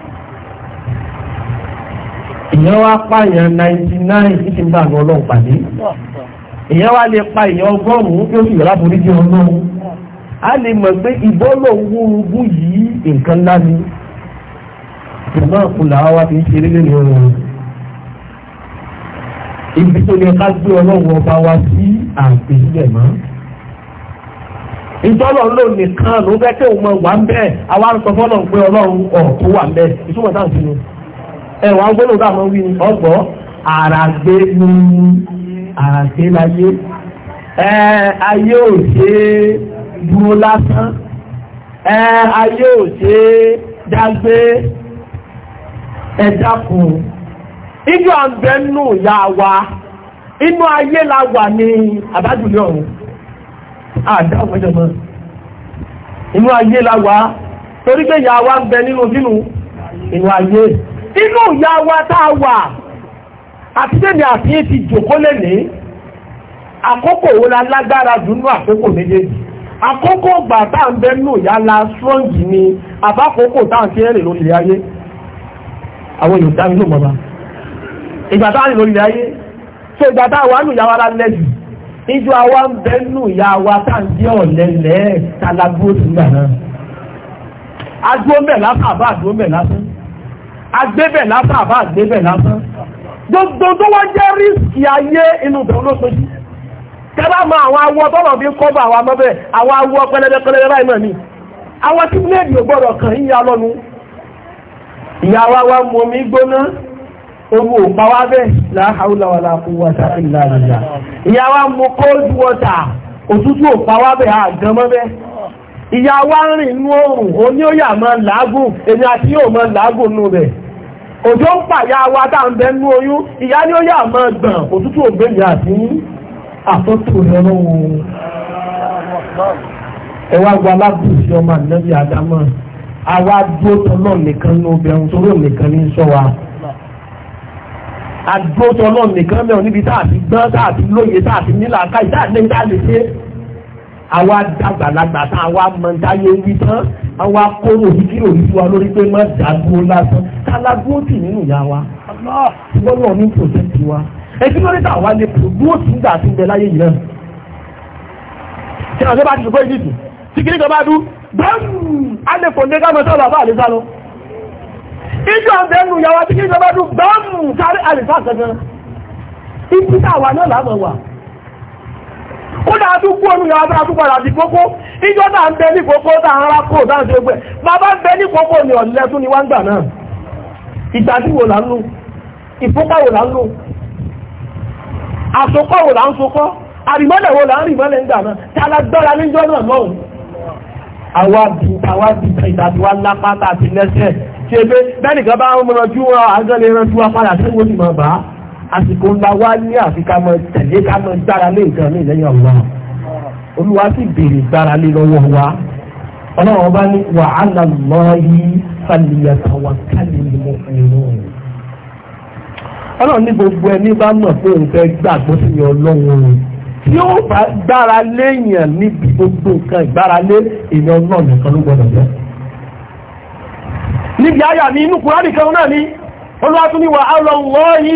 ìyẹn wá pààyàn 99 títí bá àwọn ọlọ́run pàdé ìyẹn wá lè pa ìyẹn ọgọ́rùn-ún yóò sì yọ̀lá forí jẹ́ ọlọ́run a lè mọ̀ pé ìbọ́lọ̀ wúrugún yìí nǹkan ńlá ni ìmọ̀ àkùlà wa fi ń ṣeré lẹ́nu ọ̀rọ̀ ibi tó lè ká gbé ọlọ́run ọba wa sí àgbè sílẹ̀ mọ́ ìtọ́lọ̀ ló nìkan ló fẹ́ kí òun mọ̀ wà ń bẹ́ẹ̀ àwa sọ fọ́lọ̀ pé ọlọ́run ọ̀ tó wà ń bẹ́ẹ̀ ìtumọ̀ sáà sínú. ẹwà gbọ́dọ̀ bá àwọn wí ọgbọ́ àràgbé ní àràgbé láyé ayé ò ṣe dúró lásán ayé ò ṣe dágbé ya wa inú ayé la wà ní àbájúlé ọ̀run inú ayé la wà torí pé wa inú ìyá wa táa wà àti tẹ́mi àfihàn ti jòkó lẹ́ni àkókò wo la lágbára dùnú àkókò méjèèjì àkókò gbà tá à ń bẹ nù ìyá la strong ni àbákòókò tá à ń fi ẹ̀rẹ̀ lórí ayé àwọn èèyàn dá mi ló mọ̀ba ìgbà tá à ń lórí ayé tó ìgbà tá àwọn àánú ìyá wa lálẹ́ jù ìjọ àwa ń bẹ ìyá wa tá ń jẹ́ ọ̀lẹ́lẹ́ tálágbó sígbà náà adúmọ̀ lásán àbá àdúmọ̀ lásán agbébẹ̀ lásán àbá agbébẹ̀ lásán gbogbo tó wọ́n jẹ́ rísì ayé inú bẹ̀rún ló sojú kẹ́bà mọ àwọn awọ tọ́lọ̀ bí kọ́bà àwọn amọ́bẹ̀ àwọn awọ pẹlẹbẹ pẹlẹbẹ báyìí mọ̀ ní àwọn tí bíléèdì ò gbọ́dọ̀ kàn yíya lọ́nu ìyá wa wa mú omi gbóná owó òpá wa bẹ́ẹ̀ la hawla wala quwwata illa billah ìyá wa mú cold water òtútù òpá wa bẹ́ẹ̀ àgbẹ̀mọ́ bẹ́ẹ̀ ìyá wa ń rìn inú oòrùn oní ó yà máa làágùn èmi àti yóò máa làágùn nù rẹ̀ òjò ń pàyà wa tá ń bẹ nú oyún ìyá ni ó yà máa gbọ̀n òtútù ògbéyà àti àtọ́tù rẹ̀ lọ́wọ́ ẹ wá gba alábùsí ọmọ ànábì àdámọ́ àwa dúró tọ́lọ́ nìkan ní obìnrin torí òmìnkan ní sọ wa àdúró tọ́lọ́ nìkan mẹ́rin níbi tá àti gbọ́n tá àti lóye tá àti nílà káyì tá àti lẹ́yìn tá àti ṣe àwa dàgbàlagbà tá àwa mọ̀ndáyé wí tán àwa kóró ìkírò ìlú wa lórí pé má dàgbó lásán kálágbó tì nínú ìyá wa ṣùgbọ́n náà ní pòtẹ́tì wa ẹtí lórí tá àwa lè pò dúró tì nígbà tí ń bẹ láyé yìí náà. kí ọ̀sẹ̀ bá ti dùkọ́ ìdìtì tí kìnìkan bá dú bẹ́ẹ̀m a lè pò lẹ́gà mọ́tọ́ làbá àlésá lọ. ìjọ àbẹ̀nu ìyàwó tí kìnìkan bá dú bẹ́ẹ̀m kárí àlésá kankan ó dáa tó kú omi ìyàwó tó padà di kókó ìjọ náà ń bẹ ní kókó tá ara kó dáa ṣe gbẹ bàbá ń bẹ ní kókó ni ọ̀lẹ́ tún ni wá ń gbà náà ìgbà tí wò là ń lò ìfúnpá wò là ń lò àsokọ́ wò là ń sokọ́ àrìmọ́lẹ̀ wò là ń rìmọ́lẹ̀ ń gbà náà tí alágbára níjọ́ náà lọ́hùn àwa bí ìdàdúwà lápá àti lẹ́sẹ̀ tí ebe àsìkò ńlá wá ní àfi ká mọ tẹ̀lé ká mọ gbára lé nǹkan ní ìlẹ́yìn ọ̀la olúwa sì béèrè gbára lé lọ́wọ́ wa ọlọ́run ọba ní wa 'ala Allahi falyatawakkalil mu'minun ọlọ́run ní gbogbo ẹni bá mọ̀ pé òun fẹ́ gbàgbọ́ sí ọlọ́run tí ó bá gbára léèyàn níbi gbogbo nǹkan ìgbára lé èèyàn ọlọ́run nìkan ló gbọdọ̀ jẹ́ níbi àyà ní inú Kùránì kan náà ni olúwa tún ní wa 'ala Allahi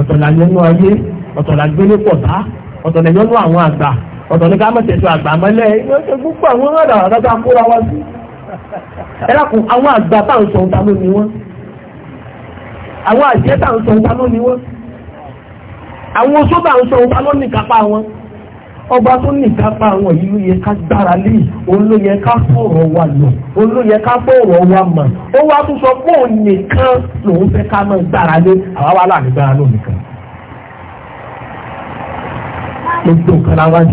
ọ̀tọ̀là yọnú ayé ọ̀tọ̀là gbélé pọ̀tá ọ̀tọ̀là yọnú àwọn àgbà ọ̀tọ̀là ká mọ̀tẹ̀sọ àgbà mọ́lẹ̀ gbogbo àwọn ọ̀dà àdáta kóra wá sí. ẹ lákun àwọn àgbà táwọn sọ̀rọ̀ ta ló ní wọ́n àwọn àṣẹ táwọn sọ̀rọ̀ ta ló ní wọ́n àwọn oṣó táwọn sọ̀rọ̀ ta ló ní kápá wọn. ọba tó ní ìkápá àwọn yìí ló yẹ ká gbára lé ká fọ̀rọ̀ wa lọ òun ká wa mọ̀ ó wá tún sọ pé òun nìkan lòun fẹ́ ká gbára lé àwa láàrin gbára nìkan. gbogbo nǹkan la wá ń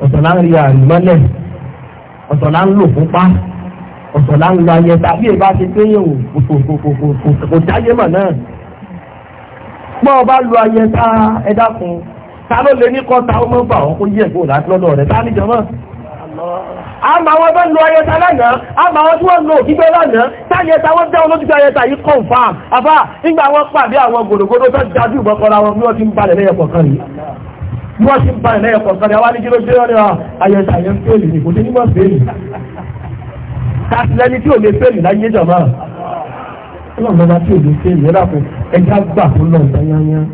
ọ̀sọ̀ ń rí àrùn ta ló lè ní kọ́ta ó mọ́ bà wọ́n kó yẹ̀ kó láti lọ́dọ̀ rẹ̀ tá níjọ mọ́ àmà wọn bá ń lo ayẹta lánàá àmà wọn tí wọ́n lo òkígbẹ́ lánàá táyẹta wọ́n jẹ́ olójúgbẹ́ ayẹta yìí confam àfá nígbà wọn pàdé àwọn gbòdògbòdò tó dájú ìbọ̀kọ́ra wọn bí wọ́n ti ń balẹ̀ lẹ́yẹ̀kọ̀ kan rí wọ́n ti ń balẹ̀ lẹ́yẹ̀kọ̀ kan rí àwọn alíjíró jẹ́ ọ̀rẹ́ ayẹta yẹn fèlì ní kò ní mọ̀ fèlì kásìlẹ́ni tí ò lè fèlì láyé jọ̀mọ́ ọlọ́run bá tí ò lè fèlì ẹ̀dàkùn ẹja gbà fún lọ́ọ̀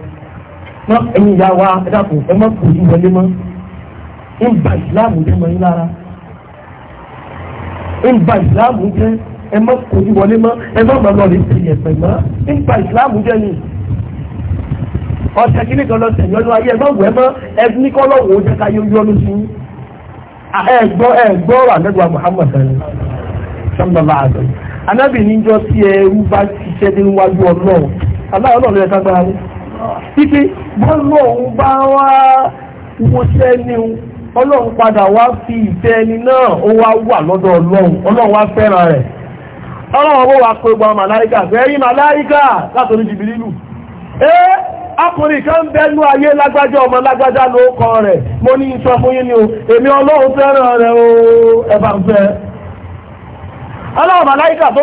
wọn ẹ̀yin ìyá wa ẹ dàpọ̀ ẹ má kù yí wọlé mọ́ ń ba ìsìláàmù jẹ́ mọ́ yín lára ń ba ìsìláàmù jẹ́ ẹ má kù yí wọlé mọ́ ẹ má mọ̀ lọ́ọ̀lì sí ẹ̀pẹ̀ mọ́ ń ba ìsìláàmù jẹ́ ni ọ̀sẹ̀ kí nìkan lọ sẹ̀yìn ọdún ayé ẹ má wẹ̀ mọ́ ẹ ní kọ́ lọ́wọ́ ó jẹ́ ká yọ yọ́nu sí ẹ̀gbọ́ ẹ̀gbọ́ wà lẹ́gbọ́ Muhammad sallallahu alaihi wasallam anábì níjọ́ tí ẹrú bá ṣiṣẹ́ níwájú ọlọ́run aláwọ̀ ọlọ́run ẹ̀ká gbára ní títí gbọ́nà òun bá wá wọṣẹ́ ní ọlọ́run padà wá fi ìfẹ́ ẹni náà ó wá wà lọ́dọ̀ ọlọ́run ọlọ́run wá fẹ́ràn rẹ̀ ọlọ́run ọwọ́ wá pé gbọ́n màláríkà fẹ́rí màláríkà látòrí jìbìrìlù ẹ́ kan ayé ọmọ lágbájá ló rẹ̀ mo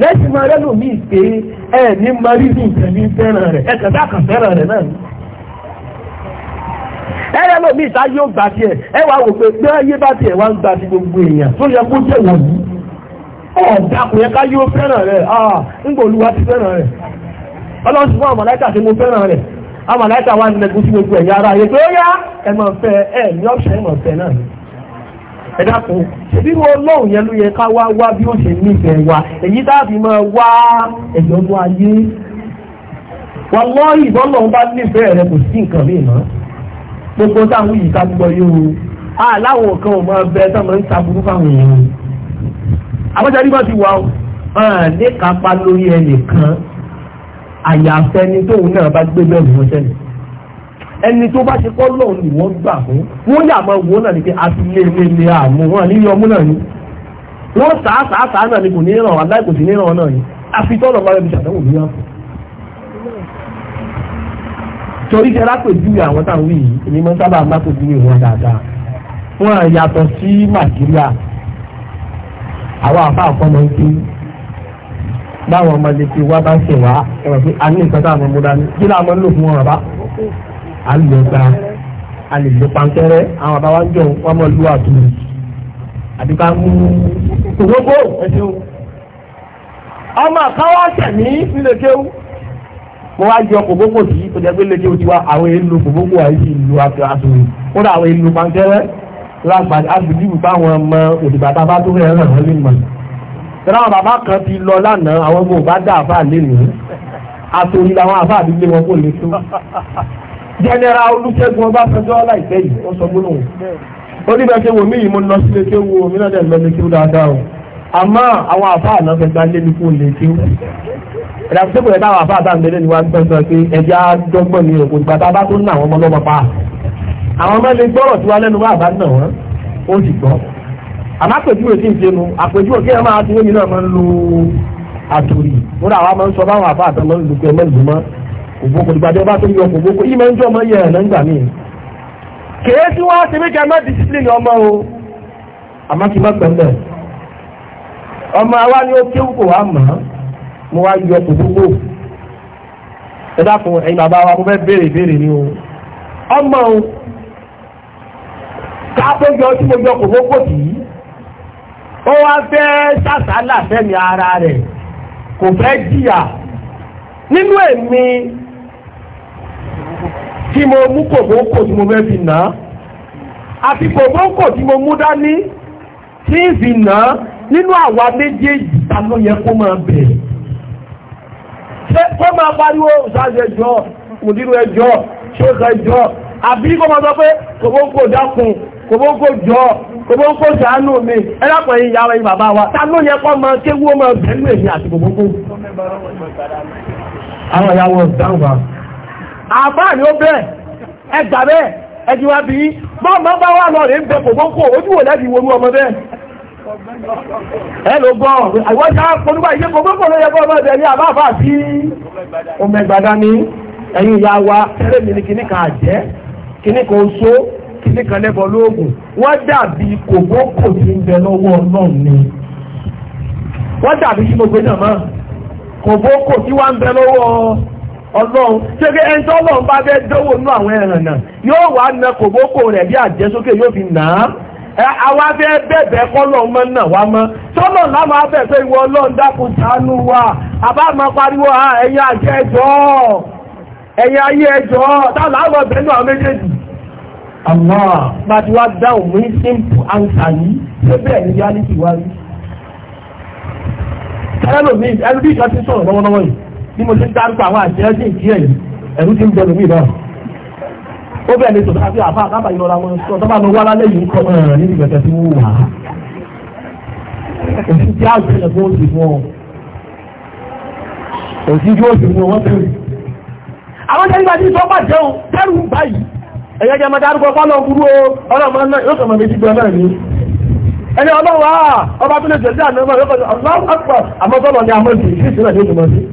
lẹ́sìn máa rẹ́lò mí pé ẹ ní marínú fẹ́ràn rẹ̀ ẹ kẹ̀kẹ́ àkàfẹ́ràn rẹ̀ náà ẹ̀rẹ́ ló mi ìta gbà tiẹ̀ ẹ wò pé pé ayé bá tiẹ̀ wá ń ti gbogbo èèyàn tó yẹ kó jẹ́ wọ̀nyí ọ̀dà kò yẹ ká yóò fẹ́ràn rẹ̀ ah ti fẹ́ràn rẹ̀ ọlọ́run fún tí mo fẹ́ràn rẹ̀ wà gbogbo ẹ̀yà ara yẹ pé ó yá ẹ̀ mọ̀ fẹ́ ẹ̀ ní ẹ dákun bí wọn lóhùn yẹn ló yẹ ká wá wá bí ó ṣe nífẹ̀ẹ́ wa èyí dábì máa wá ẹ̀yọ́ mú ayé wọn lọ ìbọn lọ́hùn bá nífẹ̀ẹ́ rẹ kò sí nǹkan mí mọ́ gbogbo táwọn yìí ká gbọ́ yóò aláwọ̀ kan ò máa bẹ táwọn ń ta burú fáwọn èèyàn àbájáde bá ti wà ó hàn ní kápá lórí ẹnìkan àyàfẹ́ni tóun náà bá gbé bẹ́ẹ̀ mọ́ sẹ́yìn ẹni tó bá ṣe kọ́ lọ́ọ̀ ni wọ́n gbà fún wọ́n yà máa wò náà ni pé àti lè lè lè àmú wọn ní ọmú náà ni wọ́n sàá sàá sàá náà ni kò ní ràn wá láì kò sí ní ràn náà ni àfi tọ́lọ̀ bá rẹ̀ fi ṣàdánwò ní àpò. torí ṣe lápèjúwe àwọn táwọn yìí èmi máa ń sábà má pèjúwe wọn dáadáa wọn yàtọ̀ sí nàìjíríà àwọn àfa àkọ́mọ ń kí báwọn ọmọdé ti wá bá ṣèwà ẹ̀rọ pé a ní ń lò fún à ń lò gba a lè lo pankẹ́rẹ́ àwọn àbáwá ń jọ wọn mọ̀ lù àdúrà àbí ká mú kòkókò ẹ̀sìn ọmọ àkáwá sẹ̀mí nílé kéwú mo wá jọ kòkókò sí kò jẹ́ pé lédè òtí wa àwọn èèlò kòkókò àìsí ìlú àtúnṣe kódà àwọn èèlò pankẹ́rẹ́ lágbàdì àgbèdìbò báwọn ọmọ òdìbàtà bá tó rẹ̀ ràn wọ́n lè mọ̀ tẹ́lá àwọn bàbá kan ti lọ lánàá àwọn ọmọ ò dá àfáà lé nìyí àtòrí làwọn àfáà àdúgbò wọn kò lè tó jẹnẹra olúṣẹ́gun ọbásanjọ́ láìpẹ́ yìí wọ́n sọ gbólóhùn oníbẹ̀ṣẹ̀ wò mí yìí mo lọ sílé tí ó wo omi náà dẹ̀ lọ́lé tí ó dáadáa o àmọ́ àwọn àfáà náà fẹ́ gbá lé ní fún tí ó ìdàgbàsókè rẹ̀ táwọn àfáà bá ń bẹ̀rẹ̀ níwájú pẹ́ńtọ́ pé ẹja dọ́gbọ́n ni òkú ìgbà a bá tó ń ná àwọn ọmọ lọ́mọ pa àwọn ọmọ ilé gbọ́rọ̀ tí wá lẹ́nu wá àbá náà wọ́n ó sì gbọ́ àmọ́ àpèjúwe tí ń ṣe nu àpèjúwe kí ẹ máa ti wéyìn náà máa ń lo àtòrì fúnra wa máa ń sọ báwọn àfáà tó máa ń lu pé kòbókò ìgbàdé bá tó yọ kòbókò ìmọ̀ ń jọ ọmọ yẹn ẹ̀nà ń gbà mí kèé tí wọ́n á ti méjì ẹmọ́ discipline ọmọ o àmọ́ kí n má pẹ̀lẹ́ ọmọ àwa ni ó kéwù kò wá mọ̀ mo wá yọ kòbókò ẹ dákun ẹ̀yin bàbá wa mo fẹ́ béèrè béèrè ni o ọmọ o káàpọ̀ yọ tí mo yọ kòbókò tì í ó wá fẹ́ sàṣálà fẹ́mi ara rẹ̀ kò fẹ́ jìyà nínú èmi tí mo mú kòbókò tí mo fẹ́ fi nà á àti kòbókò tí mo mú dání tí ń fi nà á nínú àwa méjèèjì ta ló yẹ kó máa bẹ̀rẹ̀ ṣé kó máa pariwo ṣáàṣẹ jọ mùdírù ẹjọ ṣóṣà ẹjọ àbí kó máa sọ pé kòbókò dákun kòbókò jọ kòbókò ṣàánú mi ẹlẹ́pọ̀ yìí yàrá yìí bàbá wa ta ló yẹ kó máa kéwú máa bẹ̀rù èmi àti kòbókò àwọn ìyàwó dáhùn àfáà ni ó bẹ̀rẹ̀ ẹgbà bẹ́ẹ̀ ẹjì wá bí bọ́ọ̀mọ́ bá wà lọ rẹ̀ ń bẹ kòkókò ojú wò lẹ́bi wo ọmọ bẹ́ẹ̀ ẹlò gbọ́ àwọn ìjà polúwà ilé kòkókò ló yẹ kó ọmọ ẹ̀bẹ̀ ní àbáfà sí ọmọ ẹgbàdá ní ẹ̀yìn ìyá wa tẹ́lẹ̀ mi ní kìnnìkan àjẹ́ kìnnìkan oṣó tí wá ń bẹ lọ́wọ́ ọlọ́run tí ó gẹ́ ẹni tó àwọn ẹ̀ràn náà yóò wá na kògbókò rẹ̀ bí àjẹsókè yóò fi nà á àwa fẹ́ bẹ̀bẹ̀ mọ́ náà wá mọ́ tọ́lọ̀ láwọn ìwọ wa àbá máa pariwo ẹ̀yin ẹjọ́ ẹ̀yin ayé ẹjọ́ táwọn àwọn ọbẹ̀ náà méjèèjì àmọ́ bí mo ti ń dárúkọ àwọn àṣẹ ìdí ẹ̀yìn ẹ̀rú ti ń jẹ lómi náà ó bẹ̀rẹ̀ lè sọ̀tà sí àfa àkábà ìlọra wọn sọ tó bá lọ wá lálẹ́ yìí ń kọ́ ọ̀ràn níbi ìgbẹ̀tẹ̀ tí wọ́n wà á òsì tí àgbẹ̀ ẹ̀ fún òsì fún ọ òsì tí òsì fún wọn bẹ̀rẹ̀ àwọn jẹ́ nígbà tí ìtọ́ bà jẹun tẹ́rù ń báyìí ẹ̀yẹ́ jẹ́ mọ́ta arúgbó fọ́lọ́ gúrú o ọlọ́mọ náà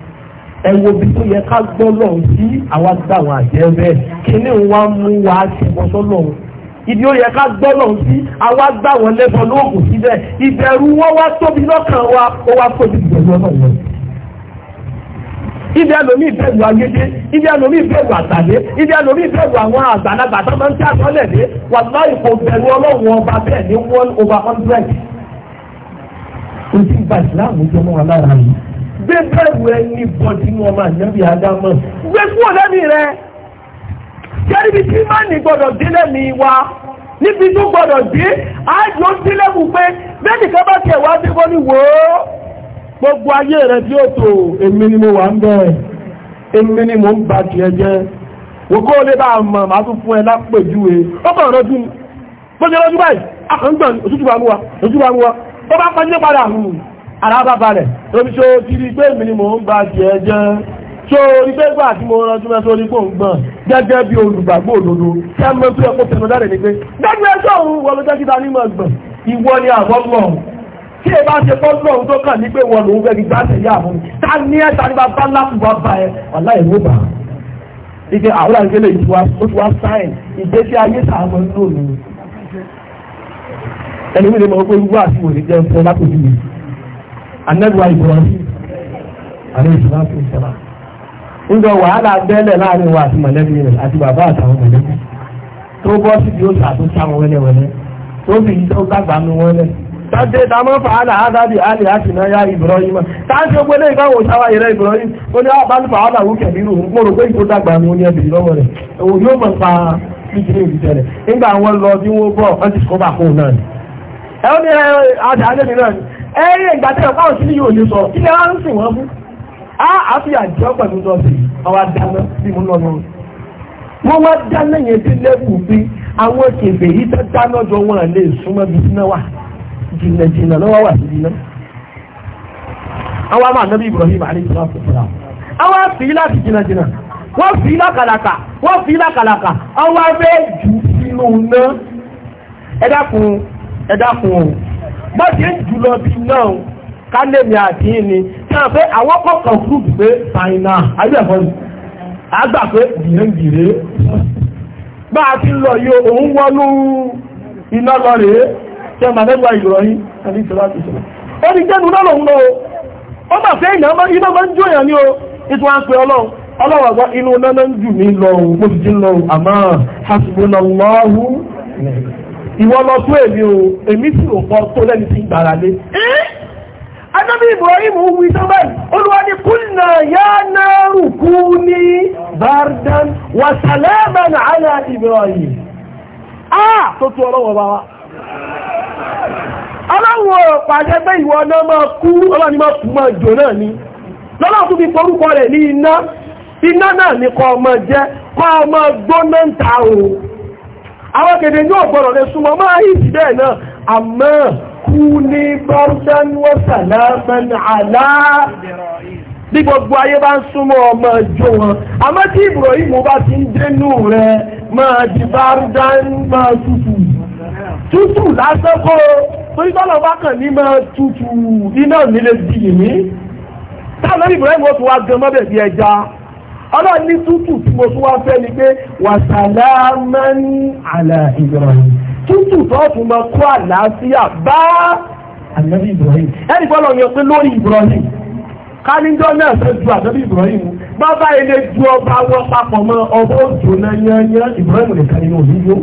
ẹ wo bí tó yẹ ká gbọ́ lọ́hùn sí àwa gbà wọn àjẹ́ bẹ́ẹ̀ kíní wa mú wa ṣẹ̀bọ̀ sọ́lọ́hùn ibi ó yẹ ká gbọ́ lọ́hùn sí àwa gbà wọn lẹ́bọ̀ lóògùn síbẹ̀ ìbẹ̀rù wọn wá tóbi lọ́kàn wa ó wá tóbi ìbẹ̀rù ọlọ́run ibi ẹlòmí ìbẹ̀rù agége ibi ẹlòmí ìbẹ̀rù àtàlẹ́ ibi ẹlòmí ìbẹ̀rù àwọn àgbàlagbà tó máa ń tẹ́ àtọ́lẹ̀ dé wàláì kò bẹ̀rù ọlọ́run ọba bẹ́ẹ̀ ní one over hundred. ojú ìgbà ìsìláàmù jẹ́ mọ́ wa lára yìí. gbé bẹ́ẹ̀rù ẹ ní bọ́ọ̀dì ní ọmọ ànábì ádámọ̀ gbé kúrò lẹ́mí rẹ jẹ́rìbí tí máa ní gbọ́dọ̀ dé mi wá níbi tó gbọ́dọ̀ dé àjò pé bẹ́ẹ̀ni wá gbogbo ayé rẹ tí ó tò èmi ni mo wà ń bẹ̀ èmi ni bá mọ̀ tún fún ẹ ó rọ́jú bó ṣe rọ́jú báyìí arábàbalẹ̀ lóbi ṣó ti rí pé èmi ni mò ń ba jẹ́ jẹ́ tó orí pé gbà tí mo rántí mẹ́ sórí pò ń gbọ́n gẹ́gẹ́ bí olùgbàgbọ́ òdodo tí a mọ́ tó ẹkọ́ tẹnu dáre ni pé dájú ẹjọ́ òun wọ́n ló dókítà nímọ̀ gbọ̀n ìwọ ni àwọn ọlọ́run tí ẹ bá ṣe pọ́ńtọ̀ òun tó kàn ní pé wọ́n lòun fẹ́ gbígbà tẹ̀lé àwọn ta ní ẹ ta ní bá bá lápùwá bá ẹ wàlá ìwó bá ike àwọn àgbélé ìtura ó ti wá sáìn ìgbésí ayé sàmọ́ ń lò ní ẹni mi ni mo gbé wúwà sí òní jẹun fún lápòjú mi anẹ́gbà Ibrahim aléìsìláàtì ìṣẹ́lá ńgbọ́ wàhálà bẹ́ẹ̀lẹ̀ láàrin wa àti mọ̀lẹ́bí rẹ̀ àti bàbá àtàwọn mọ̀lẹ́bí tó bọ́ síbi ó sàtúnṣà wọn wẹ́lẹ́wẹ́lẹ́ tó mi àti náà yá Ibrahim tàbí ó gbélé ìgbà òṣàwà ìrẹ́ Ibrahim ó ah, mo mi pa ẹ̀rí ìgbà tí ọ̀pá òsì ní yóò sọ kí ni a ń sìn wọ́n fún a àfi pẹ̀lú lọ́sì ọwọ́ dáná bí mo lọ́nà wọ́n wá dáná yẹn bí lẹ́kùn pé àwọn kèfè yìí tó dáná jọ wọn lè súnmọ́ bí iná wà jìnnà jìnnà lọ́wọ́ wà sí iná. àwọn àmà Ibrahim alayhi salatu wasalam àwọn fi láti jìnnà jìnnà wọ́n fi lákàlàkà wọ́n fi lákàlàkà abẹ́ jù sínú náà bó ṣe lọ bí náà kálẹ̀mì àti ìní tí wọ́n pé àwọn kọ̀ọ̀kan fún pé ṣàìnà àgbẹ̀fọ́ àgbà pé bá a ti lọ yóò òun wọnú iná lọ rèé tí wọ́n máa fẹ́ gba àti ìṣẹ̀lá ó ní jẹ́nu náà lòun ó mà fẹ́ iná máa ń jó èèyàn ní o à ń pè ọlọ́run ọlọ́run àgbà inú náà ń jù mí lọ òun mo ti jí lọ ìwọ lọ tó èmi o èmi sì ò pọ̀ tó lẹ́ni tí ń gbára lé. Adábí Ibrahim wí sọ́bẹ̀, olúwa ní kúnnà yá náà rùkú ní Bardan wà sàlẹ́mẹ̀nà àlà Ibrahim. Á tó tó ọlọ́wọ̀ bá wa. Aláwọ̀ pàṣẹ pé ìwọ náà máa kú, ọlọ́ni máa kú máa jò náà ni. Lọ́lọ́ tún fi forúkọ rẹ̀ ní iná, iná náà ní kọ́ ọmọ jẹ́, kọ́ ọmọ gbóná ń ta òun àwọn kèdè yóò gbọ́rọ̀ rẹ̀ súnmọ́ máa ìdí bẹ́ẹ̀ náà àmọ́ kú ní bọ́rúdánwọ́sà láàmán àlá bí ti ń dénú rẹ̀ máa di bárúdán máa tutù tutù lásán kó torí tọ́lọ̀ bá kàn ní máa tutù iná nílé dìyìn ní táwọn Ibrahim ó tún gan mọ́bẹ̀ bí ẹja ọlọ́run ní tútù tí mo tún wá fẹ́ ni pé wàsàlámán àlà Ibrahim tútù tó tún máa kó àlàáfíà bá ànábì Ibrahim ẹnì kan lọ́ọ́ pé lórí Ibrahim kánidọ́ náà fẹ́ ju ànábì Ibrahim bàbá ilé ju ọba wọn papọ̀ mọ́ ọba òjò náà yányán Ibrahim nìkan nínú òní yó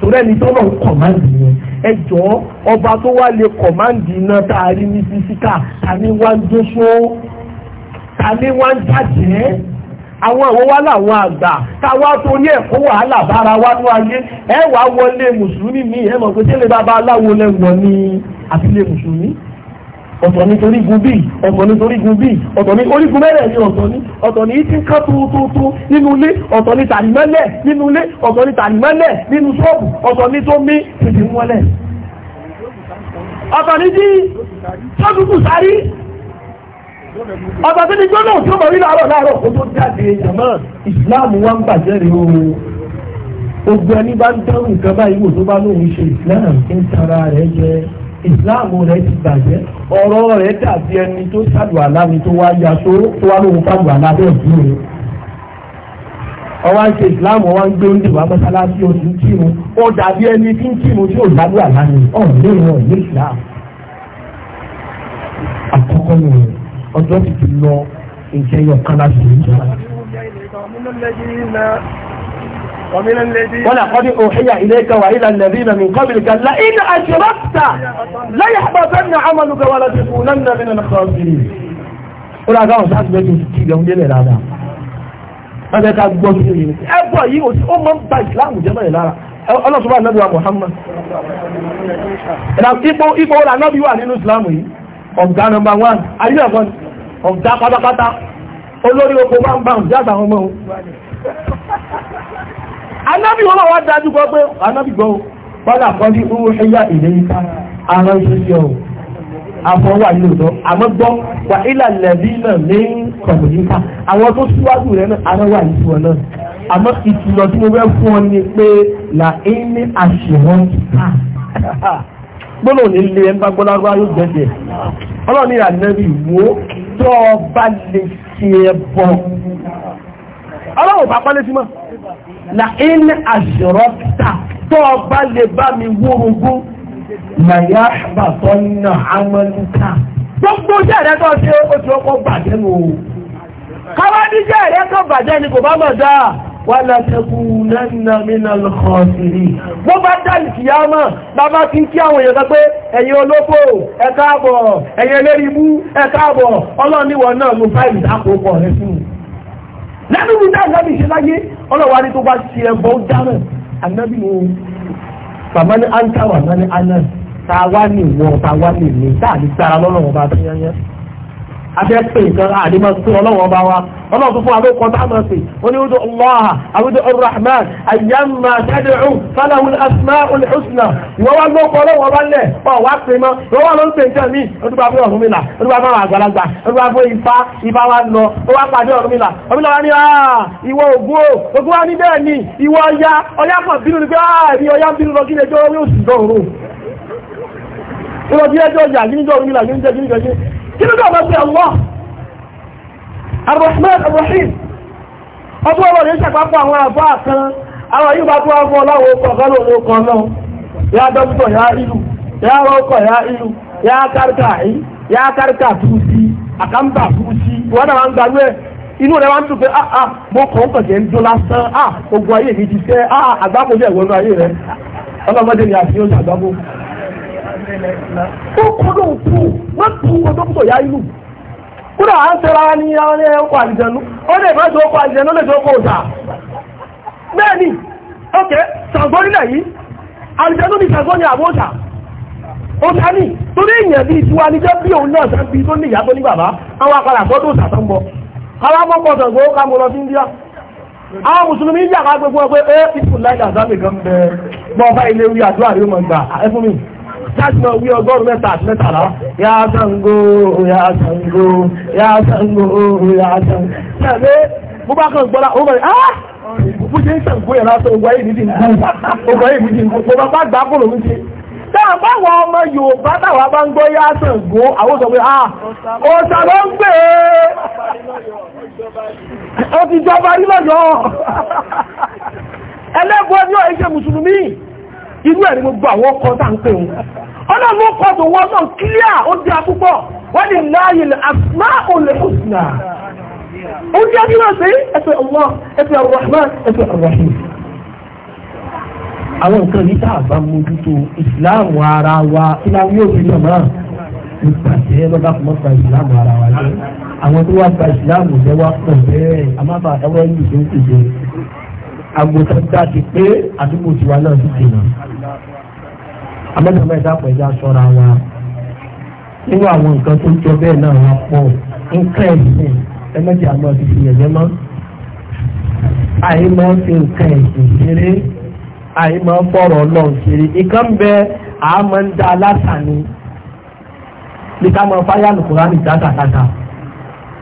torí ẹni tó lọ ń yẹn ẹ jọ̀ọ́ ọba tó wá lè kọ̀máǹdì iná tá a rí ní sísíkà tàbí wá ń dóṣó tàbí wá ń jàjẹ́ àwọn ìwọ́ wá láwọn àgbà káwá tó ní ẹ̀kọ́ wàhálà bára wá ní ayé ẹwà wọlé mùsùlùmí mi ẹmọ̀ pé tẹ́lẹ̀ bàbá aláwo lẹ́wọ̀n ní àfilé mùsùlùmí ọ̀tọ̀ ní torí gun bí ọ̀tọ̀ ní torí gun bí ọ̀tọ̀ ní orígun mẹ́rẹ̀ ní ọ̀tọ̀ ní ọ̀tọ̀ ní tí ń ká tuutuutu nínú ilé ọ̀tọ̀ ní tànímọ́lẹ̀ nínú ilé ọ̀tọ̀ ní tànímọ́lẹ̀ nínú ṣọ́ọ̀bù ọ̀tọ̀ ní tó mí tìtì mọ́lẹ̀ ọ̀tọ̀ ní tí ṣọ́ọ̀bù sárí ọba tó ní gbọ́dọ̀ tí ó rí láàárọ̀ láàárọ̀ kó tó jáde jàmọ́ ìsìláàmù wa ń bàjẹ́ rè o gbogbo ẹni bá ń dáhùn nǹkan báyìí wò tó bá lóun ṣe ìsìláàmù ń tara rẹ̀ jẹ ìsìláàmù rẹ̀ ti bàjẹ́ ọ̀rọ̀ rẹ̀ dàbí ẹni tó ṣàlùwàlá ni tó wá yaṣó tó wá lóun ṣàlùwàlá bẹ́ẹ̀ dúró ọwọ́ ń ṣe islam ọwọ́ ń gbé oúnjẹ wà mọ́sálásí oṣù kírun ó dàbí ẹni tí ń kírun tí ò lágbó àlá ni ọ̀hún lè ràn ní islam àkọ́kọ́ nìyẹn ọjọ́ ti ti lọ nǹkan ẹyọ kan láti lè jẹ́ wọ́n àkọ́dí òhìyà ilayka wa ila alladhina min qablika la'in ashrakta la yahbatanna 'amaluka wa la takunanna min al-khasirin ó dá gáwọn sáà tìbẹ́ tó ti kí délẹ̀ dáadáa wọ́n fẹ́ ká gbọ́ sí ìrìn ẹ̀bọ̀ yìí ó mọ́ ń ba ìsìláàmù jẹ́ mọ́lẹ̀ lára ọlọ́sùnmọ́ ànábì Muhammad ipò ipò ọ̀là ànábì nínú ìsìláàmù yìí ọ̀gá nọmba one ayé ọ̀dá pátápátá olórí oko bá ń bá ń jáde àwọn ọmọ òun anábì wọn wá dájú gbọ́ pé anábì gbọ́ padà kọ́ ní owó ẹ̀yà ìlé ìta ara ìṣẹ́ṣẹ́ ọ̀ àfọwà ní òótọ́ àmọ́ gbọ́ wà ilà lẹ́bí náà ní kọ̀mùníkà àwọn tó síwájú rẹ̀ náà ara wà nípò náà àmọ́ ìkìlọ̀ tí mo fẹ́ fún ọ ni pé là ń ní àṣìwọ́n gbọ́nà ní ilé ẹ̀ ń bá gbẹ̀dẹ̀ ọlọ́ni ànẹ́bí wo tó ọba lè ṣe ẹbọ ọlọ́wọ̀ bá pálé na na in àṣírọ́pítà tó ọba lè bá mi na yá bàtọ́ nà amẹ́lúkà gbogbo iṣẹ́ tó ṣe ó ti ọkọ̀ bàjẹ́ nù tó bàjẹ́ ni kò bá mọ̀ wàlá tẹkùnánà mínà lọ́kọ̀ọ̀sìrì bó bá dàlì kìí àmà bàbá kí kí àwọn èèyàn pé ẹ̀yin olóko ẹ káàbọ̀ ẹ̀yin eléribú ẹ káàbọ̀ ọlọ́niwọ̀ náà ló fáìlì àkókò rẹ̀ fún lẹ́nu mi dá ìlànà ìṣe láyé ọlọ́wà ni tó bá ṣe ẹbọ dáná ànábì ni o bàbá ní áńtà afẹ́pẹ́ nǹkan àdìmọ̀ sí ọlọ́wọ́ bá wa ọlọ́wọ́ tó fún wa ló kọ́ tá a mọ̀ sí ó ní ọdún allah awudu arrahman ayyamma tad'u falahul asma'ul husna ìwọ wa ló kọ́ ọlọ́wọ́ bá lẹ̀ ọ wá pè mọ́ ìwọ wa ló ń pè nǹkan mi ọdún bá fún Ọ̀rúnmìlà ọdún bá fún àwọn àgbàlagbà ọdún bá fún ifá ifá wa lọ ó wá pàdé Ọ̀rúnmìlà Ọ̀rúnmìlà ah, wa jẹ́ ah, kí ní jẹ́ kí kí ló dọ̀bọ̀ sí Allah Ar-Rahman Ar-Rahim ọdún ọmọ rẹ̀ ṣàpapọ̀ àwọn àbá kan àwọn yíba tó wá fún ọlọ́wọ́ kọ̀ọ̀kan lóòrùn ọkàn ya dọ́kítọ̀ ya ìlú ya rọ́kọ̀ ya ìlú ya kárkà yìí ya kárkà fúrúsí àkàmbà inú rẹ̀ wá ń dùn àà ah, ah, mo kàn ń kọ̀jẹ̀ lásán ah, àà ó kọ́dọ̀ òkú wọ́n tu ya ìlú kúrò à ń tẹ́ra ní ọkọ̀ àlìjẹ̀nú ó lè má tó ọkọ̀ àlìjẹ̀nú lè tó ọkọ̀ òdà bẹ́ẹ̀ ni ókè Ṣàngó nílẹ̀ yìí àlìjẹ̀nú ni Ṣàngó ni àwọn òdà òdà ni torí èèyàn bíi tiwa ní jẹ́ bí òun náà sá bí tó ní ìyá tó ní bàbá àwọn apàdà ń bọ̀ lọ sí India àwọn mùsùlùmí ìjà ká gbogbo ẹgbẹ́ ẹ́ táàtìmọ̀ wí ọgọ́rùn mẹ́ta àti mẹ́tàlá yá Ṣàngó yá Ṣàngó yá Ṣàngó yá Ṣàngó ṣàgbé bó bá kàn gbọ́lá ó bẹ̀rẹ̀ áá ah! bó ṣe ń Ṣàngó yẹn látọ̀ ogun ayé mi ti ń kú ogun ayé mi ti ń kú bó bá gbà kúrò ń ṣe táà báwọn ọmọ Yorùbá táwa bá ń gbọ́ yá Ṣàngó àwọn sọ pé áà ah, ọ̀sà ló ń gbé ó ti jọba rí lọ́yọ̀ọ́ ẹlẹ́gbọ́n ní ọ̀ irú ẹ̀rí gbogbo àwọn ọkọ̀ tá ń pè wọn ọlọ́run ó kọ́ tó wọ́n náà kílíà ó dá púpọ̀ wọ́n lè láàyè àsìmá òlè kùsùnà ó jẹ́ bí wọ́n sí ẹ̀fẹ̀ ọmọ ẹ̀fẹ̀ ọ̀rọ̀hàn ẹ̀fẹ̀ ọ̀rọ̀hìn àwọn nǹkan yìí tá a bá mójútó ìsìláàmù ara wa ìlànà yóò fi náà máa ń pàṣẹ lọ́dà fún mọ́ta ìsìláàmù ara wa lẹ́yìn àwọn tó wá gba ìsìláàmù lẹ́wọ́ pọ̀ bẹ́ẹ̀ àmàbà ẹwọ́ ẹ̀yìn ìṣòwò agbóṣẹ́gbá ti pé àdúgbò tiwa náà ti dènà amẹ́tàmẹ́ ìdápọ̀ ẹ̀dá sọ́ra wa nínú àwọn nǹkan tó jọ bẹ́ẹ̀ náà wọ́n pọ̀ nǹkan ẹ̀sìn ẹlẹ́jì àmọ́ ti fi ẹ̀yẹ mọ́ àyè máa ń fi nǹkan ẹ̀sìn ṣeré àyè máa ń fọ̀rọ̀ ọlọ́run ṣeré ìkan bẹ àmọ́ ń dá aláṣà ni bí ká máa fáyà lùkùrá nìjà tàkàtà.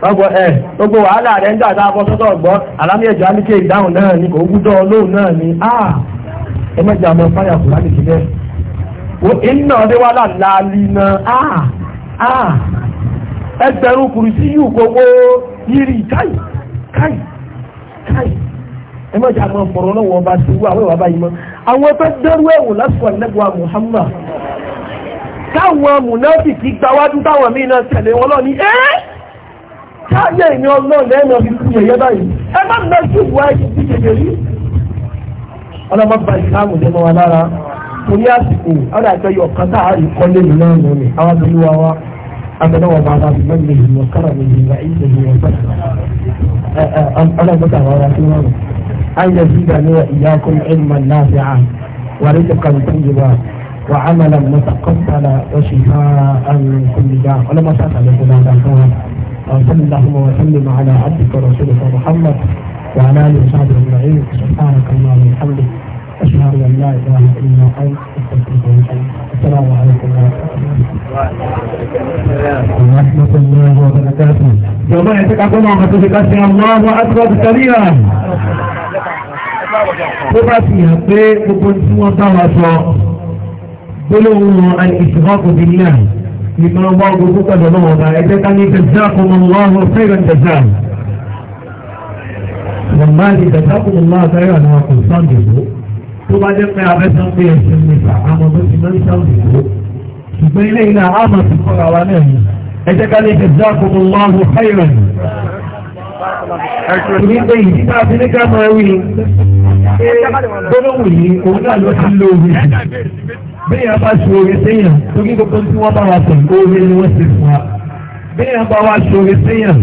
ọgbọ̀ ẹ̀ eh, gbogbo wàhálà rẹ̀ ń dàdá bọ́ sọ́tọ̀ ọgbọ́ alámìẹ̀jọ́ alíkẹ́ ìdáhùn náà ni kò gúdọ̀ olóhùn náà ni ah ẹmẹ́jà mọ́ fáyà kò láti fi bẹ́ẹ̀ wo iná ọdẹ wà láàlì náà ah ah ẹgbẹ̀rún kùrù sí yìí gbogbo yìí káì káì káì ẹmẹ́jà mọ́ fọ̀rọ̀ náà wọ́n bá ti wú àwọn ìwà báyìí mọ́ àwọn ẹgbẹ́ dẹ́rú ẹ̀wò lásìkò ẹ̀lẹ́gbọ̀ ní káyé ìní ọlọ́run lẹ́nu ọdún tí yẹ̀yẹ́ báyìí ẹ má gbẹ ṣùgbọ́n ẹ̀yìn tí yẹ̀yẹ́ rí. ọlọ́mọba ìsìláàmù jẹ́ mọ́ wa lára torí àsìkò ọ̀dà àjọyọ̀ ọ̀kan tá a rí kọ́lé mi náà nù mí àwọn àti olúwa wa abẹ́lẹ́wọ̀ bá bá bímọ mi ìlú ọ̀kára mi ìlú ìlú ìlú ọ̀sán. ọlọ́mọba àwọn ará fún wọn. ayé zidà ní ìyá kún ilmà náfìá wàlẹ́ kan tó yẹba wà á mọ̀lá mọ̀tàkọ́tàlá oṣù fáá àrùn kùnìyà وصل اللهم وسلم على عبدك ورسولك محمد وعلى اله وصحبه اجمعين سبحانك اللهم وبحمدك اشهد ان لا اله الا انت استغفرك واتوب السلام عليكم ورحمه الله وبركاته جماعه تكون حقيقه الله اكبر كبيرا tó bá fi hàn pé gbogbo tí wọ́n bá wa sọ gbólóhùn àìsíwákòbí náà ìmọ̀ wá gbogbo pẹ̀lú ọmọ ọba ẹgbẹ́ ká ní jazakumullahu khairan jazaa wàlá ní jazakumullahu khairan àwọn kò sáǹdì ló tó bá jẹ́ pé abẹ́sán pé ẹ̀sìn nípa àmọ́ tó ti máa ń sáǹdì ló ṣùgbọ́n ilé iná àmọ̀ ti kọ́ ra wa náà ni ẹgbẹ́ ká ní jazakumullahu khairan ní pé yìí bá fi ní ká máa wí gbólóhùn yìí òun náà ló ti lóore jù bẹ́ẹ̀ bá ṣe oore séyàn torí gbogbo tí wọ́n bá wa sàn oore ni wọ́n ṣe fún wa bẹ́ẹ̀ bá wa ṣe oore séyàn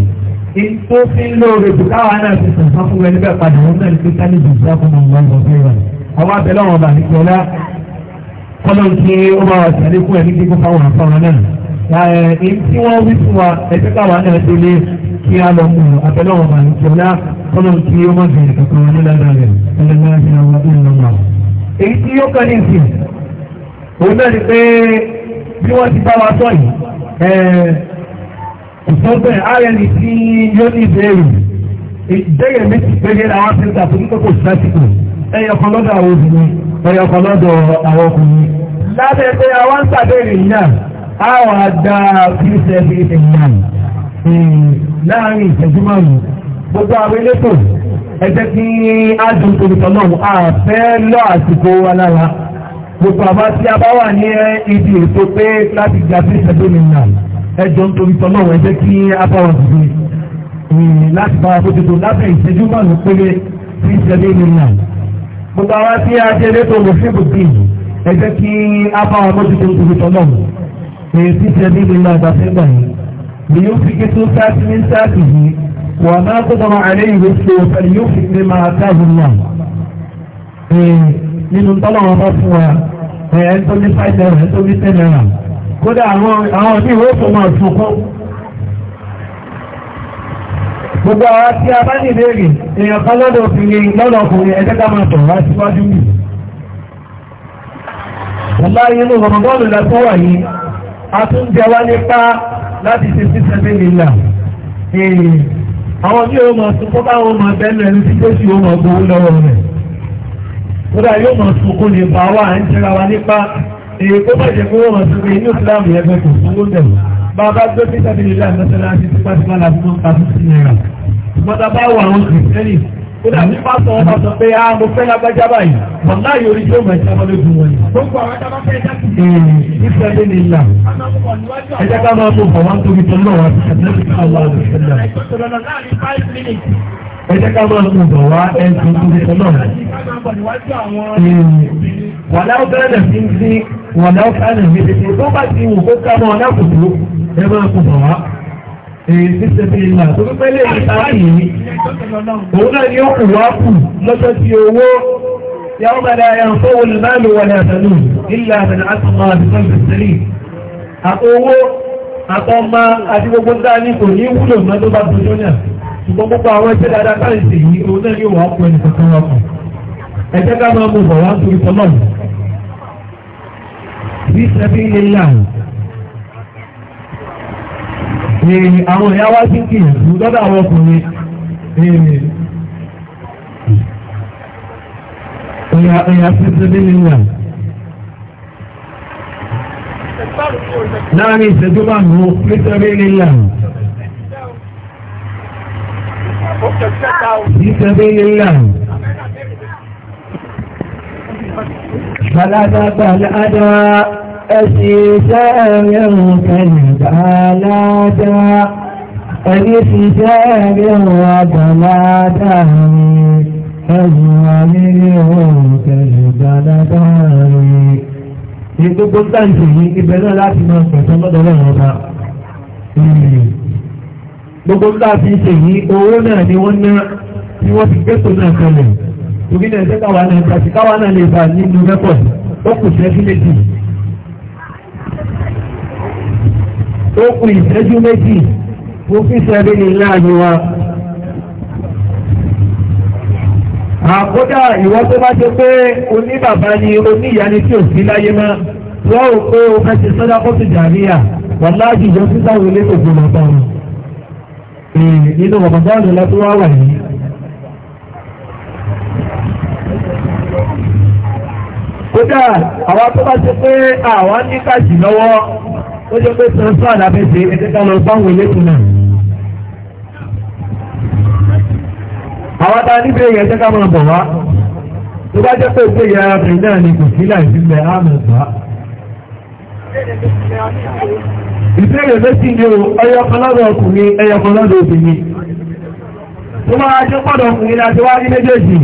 tó fi ń lóore tó káwa náà ti sàn fún ẹni bẹ́ẹ̀ padà wọn náà ti ká níbi ìṣẹ́ fún ọmọ ọmọ ọmọ ìwà àwọn abẹ́lẹ́ wọn bá ní kọlá kọ́lọ́ kí ó bá wa sàlẹ̀ fún ẹni kíkó fáwọn afárá náà ẹni tí wọ́n wí fún wa ẹgbẹ́ káwa náà ti lé kí á lọ mú abẹ́lẹ́ wọn bá ní kọlá kọ́lọ́ kí ó má bẹ̀rẹ̀ kankan wọn ní ládàá rẹ̀ òun náà pé bí wọ́n ti bá wa sọ yìí kò rnd tí yóò ní ìbéèrè méjì péré ti ń ta fún lọ́dọ̀ àwọn obìnrin lọ́dọ̀ àwọn ọkùnrin lábẹ́ pé àwọn ń sàbẹ̀rẹ̀ náà láàrin márùn-ún gbogbo àwọn elétò ẹgbẹ́ gbogbo àbá tí a bá wà ní ibi ètò pé láti gba sí ìṣẹ́dọ́nìyàn ẹjọ́ nítorí tọ́lọ́wọ́ ẹjẹ́ kí a bá wọn dìde láti bá wọn bójútó lábẹ́ ìṣẹ́jú márùn-ún péré sí ìṣẹ́dọ́nìyàn gbogbo àbá tí a jẹ́ lẹ́tọ̀ lọ́sẹ̀bù bíi ẹjẹ́ kí a bá wọn bójútó nítorí tọ́lọ́wọ́ èyí sí ìṣẹ́dọ́nìyàn àgbàfẹ́gbà yìí ni yóò fi kí tó sáàtì ní sáàtì yìí wà máa kó nínú tọ́lọ́wọ́ bá fún wa ẹ̀yẹ tó ní five naira ẹ̀ tó ní ten naira kódà àwọn ọ̀dí ìwé òfin máa fún kọ́ gbogbo àwọn tí a bá nílé rè èèyàn kan lọ́dọ̀ òfin lọ́dọ̀ ọkùnrin ẹ̀jẹ̀ ká máa tọ̀rọ̀ láti wájú mi ọláyé ló rọ̀mọ̀ bọ́ọ̀lù lẹ́tọ́ wà yìí a tún jẹ wá nípa láti ṣe sí sẹ́fẹ́ nílà àwọn tí ó mọ̀ sọ́kọ́ bá wọn mọ̀ bẹ́ẹ̀ lẹ́nu tí ó sì ó mọ̀ gbowó lọ́wọ́ rẹ̀ kódà yóò máa sunkún lè bá wà ń jẹ́ra wa nípa èyí tó bá jẹ́ pé wọ́n máa sunkún inú ìsìláàmù yẹn fẹ́ kò sanwó dẹ̀wò bá bá gbé pété àbílẹ̀ ilé àmọ́sálásí tipátipá la fún ọ̀pá fún sí náírà ìgbọ́ta bá wà àwọn kìrìsìtẹ́nì kódà ní pásọ wọn bá sọ pé a mo fẹ́ lágbájá báyìí wọn náà yóò rí yóò máa ṣe abọ́lé dùn wọn gbogbo àwọn ẹja bá fẹ́ ẹjẹ́ ká máa mú bọ̀ wá ẹ̀sùn tuntun náà. wàlá bẹ́ẹ̀rẹ̀ sí ń sí wàlá bẹ́ẹ̀rẹ̀ sí ti tó bá ti wù kó ká máa lákòókò ẹ máa kó bọ̀ wá. èyí ti ṣe tó tó pẹ́lẹ́ ìta yìí òun náà ni ó kù wá kù lọ́jọ́ ti owó يوم لا ينفع المال ولا بنون إلا من أتقى بقلب سليم àtọwó àtọmọ àti gbogbo dání kò ní wúlò mọ́ bá dojú náà ṣùgbọ́n gbogbo àwọn ẹgbẹ́ dáadáa káyì sí yìí òun náà yóò wá pọ̀ ẹnì kankan wá pọ̀ ẹgbẹ́ ká máa mú bọ̀ wá sórí tọ́lọ̀ bí sẹ́bí ń lé láàrín èrè àwọn ìyá wá sí kì í lọ́dọ̀ àwọn ọkùnrin èrè ẹ̀yà ẹ̀yà sí sẹ́bí ń lé láàrín ìṣẹ́jú márùn-ún bí sẹ́bí ń lé Ìtẹ̀bí lílà. Bàlábàbà ládá ẹ̀sì iṣẹ́ ẹ̀rẹ̀rùn kẹlẹ̀ bàládá. Ẹni fi iṣẹ́ ẹ̀rẹ̀rùn àbàládá mi. Ẹ̀yìn wà nílé ọ̀rùn kẹlẹ̀ bàládá mi. Ní gbogbo táǹtì yìí, ibẹ̀ náà láti máa pẹ̀tọ́ lọ́dọ̀ lọ́wọ́ ọba. Hmm gbogbo ńlá fi ń ṣe yìí owó náà ni wọ́n ná tí wọ́n fi gbẹ́tò náà kalẹ̀ torí náà ẹgbẹ́ káwa náà kàtí káwa náà lè bá nínú rẹ́pọ̀t ó kù ìṣẹ́jú méjì ó kù ìṣẹ́jú méjì mo fi ṣẹ́rí ní láàyè wa. àkódà ìwọ tó bá jẹ pé oníbàbá ni oníyá ni tí ò sí láyé mọ́ wọ́n ò pé o fẹ́ ṣe sọ́dá kó ti dàríyà wàláàjì ìjọ sísáwọlé kò gbọmọ bá wọn nínú rọmọdọ́ọ̀nù lọ́tún wá wà yìí. kódà àwọn tó bá ṣe pé àwọn ní káàsì lọ́wọ́ ó jẹ́ pé sọ́nsọ́ àlàfẹ́sẹ̀ ẹ̀ẹ́dẹ́gbà lọ báwọn elétò náà. àwọn tá a níbi èyí ẹ̀ẹ́dẹ́gbà máa bọ̀ wá tó bá jẹ́ pé ìgbéyà arábìnrin náà ni kò sí láì sílẹ̀ àmọ̀ bá ìbéèrè méjì ní o ẹyọ ọlọ́dọ̀ ọkùnrin ẹyọ obìnrin tó máa jẹ́ pọ̀dọ̀ ọkùnrin láti wá ní méjèèjì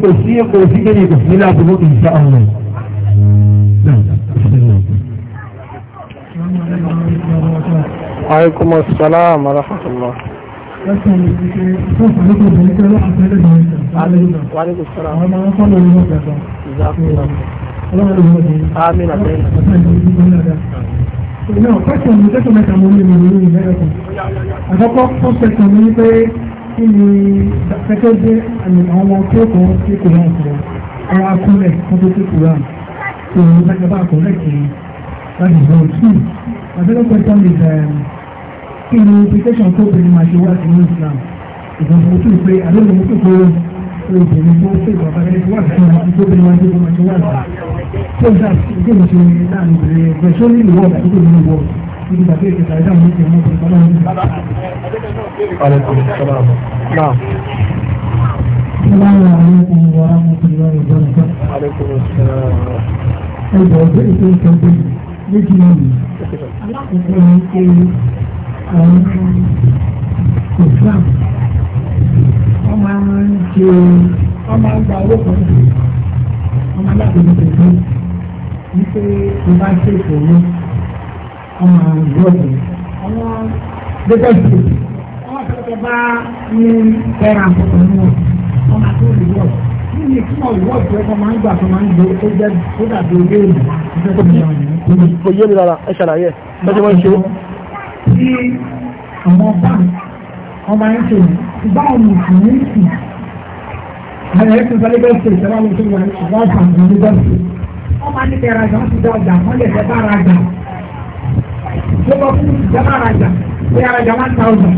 kò sí kò sí kò sí kéde kò sí láàbùkù kì í sá ọmọ Alaikum assalam wa rahmatullah. Wa alaikum assalam. Amin náà pẹ́sàn mi tẹ́sàn mẹ́ta mo lè mọ̀ lórí mẹ́rẹ̀kùn àkọ́kọ́ fún pẹ́sàn mi pé kí ni kẹ́kẹ́ dé àwọn ọmọ tí ó kọ́ sí kòrán kòrán ara akúnlẹ̀ fún tó sí kòrán tó ń lẹ́gbẹ́ bá akúnlẹ̀ kì í láti bọ̀ tù àbẹ́lẹ́ pẹ́sàn mi ẹ̀ kí ni implication tó bẹ̀rẹ̀ máa ṣe wá sí ní Islam ìgbà tó tù pé àdéhùn mo tó kọ́ obìnrin ọmọ tó ń tí wọ́n máa ń gba owó kan jù wọ́n máa láti ní tètè ní pé mo bá ṣe ètò mi wọ́n máa gbọ́ ọ̀dọ̀ àwọn lẹ́gbẹ̀ẹ́ ìṣèlú wọ́n máa tẹ́tẹ́ bá ní fẹ́ràn àkókò nínú wọ́n máa tó lè wọ̀ nínú ìtumọ̀ ìwọ́ọ̀dù ẹ̀kọ́ máa ń gbà tó máa ń gbé ó jẹ́ ó dàbí owó èlò ìjọba ìjọba ìjọba. kò yé mi rárá ẹ ṣàlàyé ẹ ṣe wọ́n ṣe é. àwọn báńkì wọ́n máa ń ṣe ìbáwọn mùsùlùmí sùn àwọn ẹ̀sùn sọ lẹ́gbẹ̀ẹ́ ṣe ìṣẹ́wà ló ṣe wọ̀nyí wọ́n fà ní ní bọ́ọ̀sì. wọ́n máa ní kẹra jà wọ́n ti dá ọjà wọ́n lè fẹ́ bá ara jà. tó bọ́ fún ìjọba ara jà pé ara jà one thousand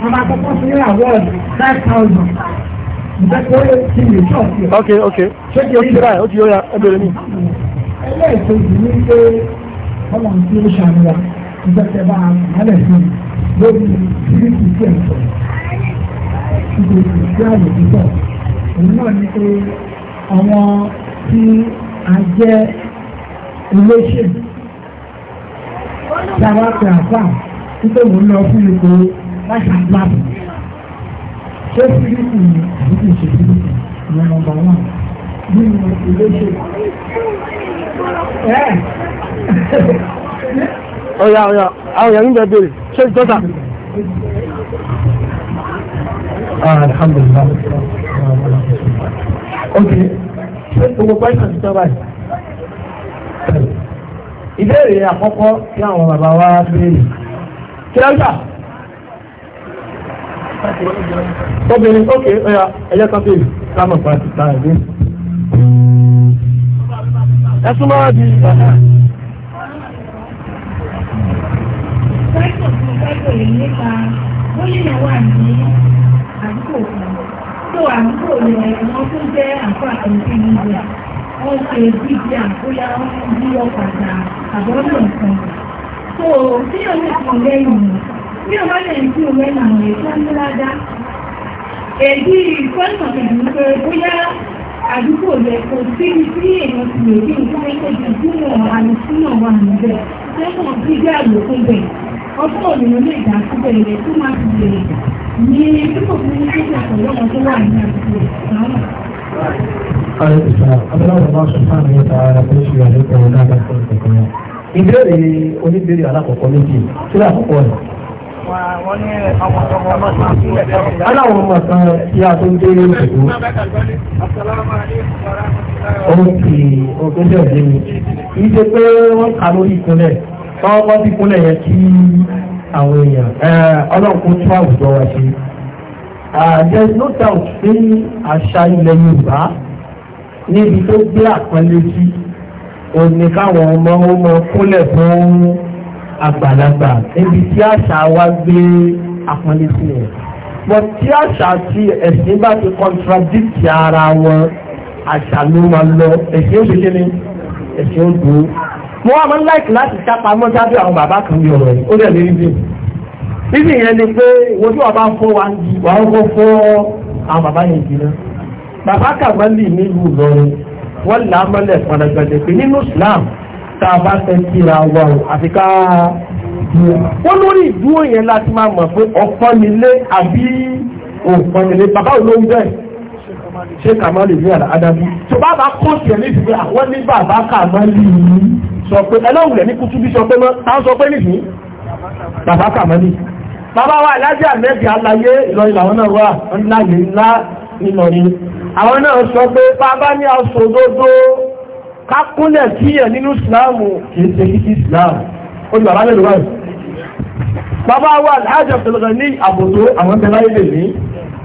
wọ́n máa kọ́kọ́ fún ní award five thousand. ǹjẹ́ kó lè ti lè ṣọ́ọ̀ṣì. ok ok ṣé kí o ti ra ẹ̀ o ti yọ ya ẹ bèrè mi. ẹlẹ́ẹ̀kejì ní pé ọmọ mi ti ń ṣàmìlà ìjọba bá a lẹ̀ sí lórí ìrísí sí ẹ̀sọ́ ìgbésí sí àyè òun náà ni pé àwọn tí a jẹ́ olóṣèlú tí a wá pè àfà wípé òun lọ fún ipò láti àgbàbọ̀ ṣé fílípù ni àbí kì í ṣe fílípù ìyẹn nọ́mbà wọn nínú olóṣèlú. Ọ̀yà ọ̀yà àwọn èèyàn ń bèrè ṣé ìjọba. Ah, alhamdulillah ok gbogbo pẹ́sàn ti tán báyìí. ìbéèrè àkọ́kọ́ tí àwọn bàbá wa béèrè kí ló gbà. obìnrin ok ọ̀yà ẹ̀yẹ́ kan béèrè lámọ̀ pàtó tá ẹ̀ béèrè. ẹ súnmọ́ wá di bàtà. Báyọ̀ lè nípa wà ní àdúgbò kan tó àdúgbò yẹn wọ́n tún jẹ́ àfa àtẹ̀wé nígbà wọ́n ṣe bíbí àkóyá bí ọ̀kadà àbọ̀dọ̀ nǹkan. tó bí o lè kàn lẹ́yìn bí o bá lè kí o lẹ́yìn àwọn èso ńláda èyí ìfọ́nà kẹ̀lú pé bóyá àdúgbò rẹ̀ kò sí sí èèyàn ti lè rí nǹkan méjèèjì tí àlùfínà wà níbẹ̀ lẹ́kọ̀ọ́ gbígbé àlòkù bẹ̀rẹ̀ ọdún òmìnira lè dá síbẹ̀ tó máa ti lè ní pípò fún ní pípò pẹ̀lú ọmọ tó wà ní àdúgbò ìgbàlá. Abẹ́láwọ̀ máa sọ fáàmì nípa ara tó ṣe àlékún ọ̀gá àgbà fún ìkọ̀kọ̀ yẹn. Ìbéèrè oníbèrè alákọ̀ọ́kọ́ méjì kí lákọ̀ọ́kọ́ rẹ̀. Aláwọn ọmọ kan tí tó ń dé ìṣòro. Ó ti ọgbẹ́jọ́ ìdí mi. Ìṣe pé wọ́n kà lórí ìkúnlẹ̀ káwọn kọ́ sí kúnlẹ̀ yẹn kí àwọn èèyàn ọlọ́run kó tún àwùjọ wa ṣe. there is no doubt pé àṣà ilẹ̀ yorùbá níbi tó gbé àpọ́nlé sí òní káwọn ọmọ ọmọ kúnlẹ̀ fún àgbàlagbà níbi tí àṣà wa gbé àpọ́nlé sí yẹn. but tí àṣà àti ẹ̀sìn bá ti contradict ara wọn àṣà ló máa lọ ẹ̀sìn ó ṣe kí ni ẹ̀sìn ó dùn ó mo wá máa ń láìkì láti sápa mọ́ sábẹ́ àwọn bàbá kan bí ọ̀rọ̀ yìí ó dẹ̀ lè rí bí ibi yẹn ni pé ojú ọba fọ́ wa ń di wàá kọ́ fọ́ àwọn bàbá yẹn jìnnà bàbá kàwálì nílùú Ìlọrin wọ́n là á mọ́lẹ̀ pàdàgbàdà pé nínú Islam tá a bá fẹ́ kíra wa o àfi ká wọ́n lórí ìdúró yẹn láti máa mọ̀ pé ọ̀pọ̀nilé àbí òpọ̀nilé bàbá olóhùn bẹ́ẹ̀ ṣé kàmálì ní àdáadáa bí tó bá bá kó tiẹ̀ ní ìdílé àwọn ní bàbá kàmálì yìí sọ pé ẹlọ́wùlẹ̀ ní kútúbí sọ pé mọ́ ta ń sọ pé nìsín bàbá kàmọ́lì bàbá wa alájà mẹ́bí aláyé ìlọrin làwọn náà wà ńláyé ńlá ìlọrin àwọn náà sọ pé bàbá ní aṣọ òdodo kákúnlẹ̀ kíyàn nínú ìsìláàmù kìí ṣe kí ìsìláàmù ó ní bàbá mẹ́lò báyìí bàbá wa alájà pẹ̀lú ní àbòtó àwọn tẹ́lá ilé ní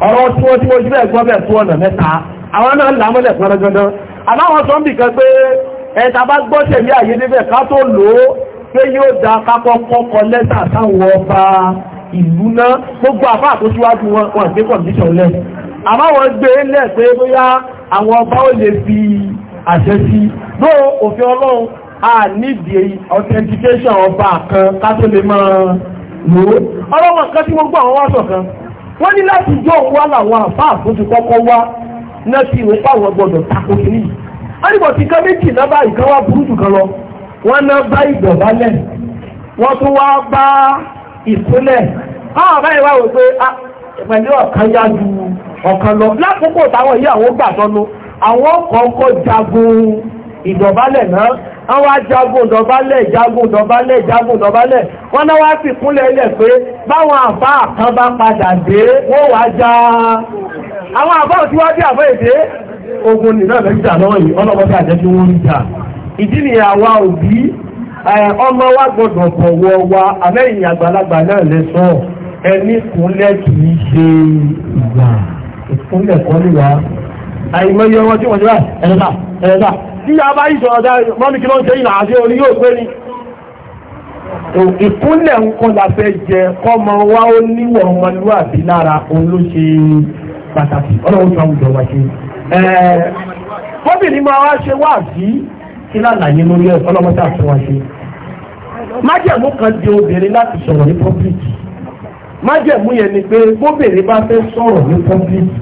ọ̀rọ̀ tí wọ́n tí wọ́n jí bẹ́ẹ̀ gbọ́ bẹ́ẹ̀ tó ọ̀nà mẹ́ta àwọn náà làmọ́lẹ̀ pẹ́rẹ́gọ́dọ́ àbáwọn sọ́ńbì kan pé ẹta bá gbọ́sẹ̀ ní àyè níbẹ̀ ká tó lò ó pé yóò da kápọ́ kọ́kọ́ lẹ́tà táwọn ọba ìlú náà gbogbo àbá àtúnṣíwájú wọn wọn gbé kọ̀ǹdíṣọ̀n lẹ̀ àmọ́ wọn gbé e lẹ̀ pé bóyá àwọn ọba ó lè fi àṣẹ sí ló òfin ọlọ́run a nídìí authentication ọba kan ká tó lè máa lò ó ọlọ́wọ́n kan tí gbogbo àwọn wá sọ̀kan wọ́n ní láti jọ wá làwọn àbá àtúnṣe wá náà sí ìwé pàwọn gbọ́dọ̀ takò kìíní ánìbọ̀ ti kán méjì náà bá ìkan wá burú jù kan lọ wọ́n ná bá ìdọ̀bálẹ̀ wọ́n tún wá bá ìkúnlẹ̀ àwọn àbáyé wá wò pé pẹ̀lú ọ̀kan yá ju ọ̀kan lọ lákòókò táwọn yìí àwọn gbà tọ́nu àwọn kọ̀ọ̀kọ̀ jagun ìdọ̀bálẹ̀ náà wọ́n wá jagun dọ̀bálẹ̀ jagun dọ̀bálẹ̀ jagun dọ̀bálẹ̀ wọ́n náà wá fi kúnlẹ̀ ilẹ̀ pé báwọn àbá kan bá padà dé wọ́n wá já àwọn àbá òtíwájú àbá èdè ogun nínú àmẹ́jà náà yìí jẹ́ àjẹjú wọn ń jà ìdí nìyà wa òbí ọmọ wa gbọdọ̀ wọ wa àmẹ́yìn àgbàlagbà náà lè sọ ẹni kúnlẹ̀ kì í ṣe ìgbà ìkúnlẹ̀ kọ́ àìmọye ọmọ tí wọ́n ti ẹ̀rẹ́dà ẹ̀rẹ́dà tí a bá ìṣọ̀ ọ̀dà mọ́mí kí ló ń ṣe ìlà àti orí yóò pé ni ìkúnlẹ̀ la fẹ́ jẹ kọ́mọ wa ó ọmọlúwàbí lára òun ló ṣe kọ́bìnrin eh, máa wá ṣe wá sí kí lálàyé lórí ẹ̀ ọlọ́mọdé àti wá ṣe kan di obìnrin láti sọ̀rọ̀ ní pọ́blíkì májẹ̀mú yẹn ni pé bóbìnrin bá fẹ́ sọ̀rọ̀ ní pọ́blíkì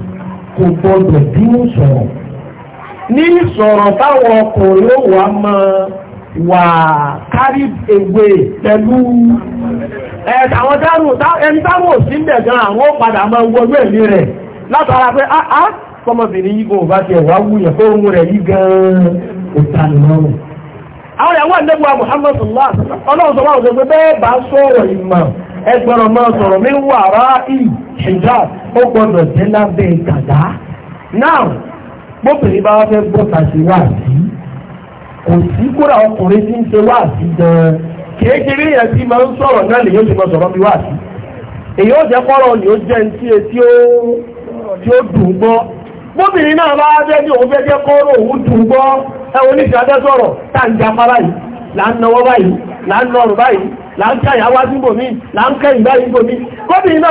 kò gbọdọ̀ dúró sọ̀rọ̀ ní sọ̀rọ̀ táwọn ọkùnrin ó wà wà kárí ewé pẹ̀lú àwọn ẹni táwọn ò kọ́mọbìnrin yìí kò bá tiẹ̀ wá wúyàn fún ohun rẹ̀ yìí gan-an kò ta lọ́rùn. àwọn ìyàwó àdébù wa Muhammad sọlá ọlọ́run sọ wáhùn sọ bẹ́ẹ̀ bá sọ̀rọ̀ ìmọ̀ ẹgbẹ̀rún máa sọ̀rọ̀ mi wà rá ìlú hijab ó gbọ́dọ̀ jẹ́ lábẹ́ gàdá. now gbóbìnrin bá wá fẹ́ bọ́ta ṣe wá sí kò sí kóra ọkùnrin tí ń ṣe wá sí gan-an yẹn tí máa ń sọ̀rọ̀ náà lè yóò ti máa sọ̀rọ̀ bí wá sí èyí ó jẹ́ kọ́rọ̀ ni ó jẹ́ ní tí ó dùn gbọ́ bóbìnrin náà bá jẹ́ ní òun fẹ́jẹ́ kọ́rọ̀ òun dùn gbọ́ ẹwọ ní ìṣàdẹ́ sọ̀rọ̀ tàǹjàpá báyìí là ń nọwọ́ báyìí là ń nọrùn báyìí là ń síbò báyìí bóbìnrin náà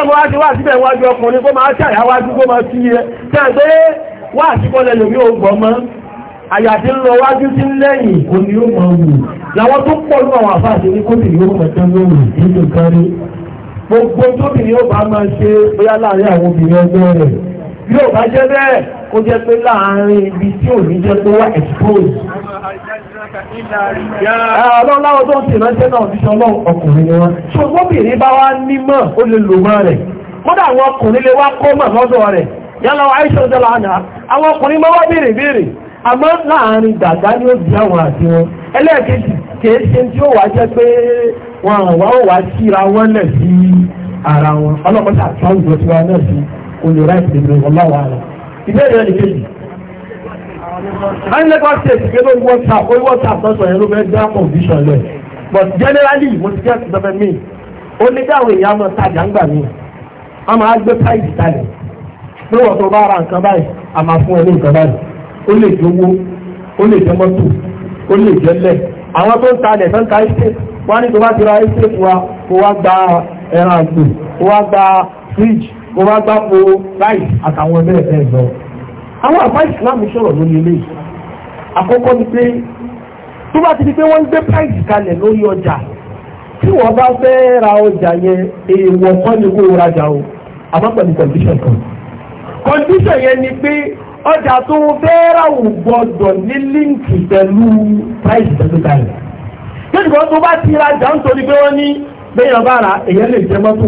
ọkùnrin mọ́ gbogbo tóbìnrin bá máa ṣe bóyá láàrin àwọn obìnrin bí ó bá jẹ́ bẹ́ẹ̀ kó jẹ́ pé láàárín ibi tí ò ní jẹ́ pé wá expose. ọlọ́run láwọn tó ń sì ránṣẹ́ náà ti sọ ọlọ́run ọkùnrin ni wọ́n. ṣùgbọ́n obìnrin bá wá nímọ̀ ó lè lò mọ́ rẹ̀ kódà àwọn ọkùnrin lè wá kọ́ mọ̀ lọ́dọ̀ rẹ̀ yálà àìsàn jẹ́ lánàá àwọn ọkùnrin máa wá béèrè béèrè àmọ́ láàárín dàgbà ni ó di àwọn àti wọn ẹlẹ́ẹ̀kejì kìí tí ó wá jẹ́ pé wọn àwọn wá síra wọn lẹ̀ sí ara wọn ọlọ́pàá ṣàtúnṣe àwùjọ náà sí olè ráìsì lè ọláwà rẹ̀. ìbéèrè ẹni kejì. anilẹ́kọ̀ọ́ state gbé lórí WhatsApp orí WhatsApp lọ́sọ̀ yẹn ló fẹ́ dá condition lẹ̀ but generally mo ti get government mail ó ní káwọn èèyàn máa tajà ń gbà mí a máa gbé price kalẹ̀ pé wọ́n tó bá ra nǹkan báyìí a máa fún ẹ ní nǹkan báyìí ó lè jẹ́ owó ó lè jẹ́ mọ́tò ó lè jẹ́ lẹ̀ àwọn tó ń ta ilẹ̀ tó ń ta estate wọ́n á ní tó bá ti ra estate wa kó wá gba ẹran àgbò kó wá gba fridge mo bá gbá po láì àtàwọn ẹgbẹ́ ẹ̀ lọ. àwọn àbá ìsìláàmù sọ̀rọ̀ lórí eléyìí àkọ́kọ́ ni pé tó bá ti di pé wọ́n ń gbé price kalẹ̀ lórí ọjà tí wọ́n bá fẹ́ ra ọjà yẹn èèwọ̀ kan ni kó rajà o àmọ́ pẹ̀lú condition kan condition yẹn ni pé ọjà tó fẹ́ ra ò gbọ́dọ̀ ní líǹkì pẹ̀lú price pẹ̀lú kalẹ̀. yóò dìbò tó bá ti rajà nítorí pé wọ́n ní bẹ́ẹ̀ yọ̀ọ́ bá ra èèyàn lè jẹ mọ́tò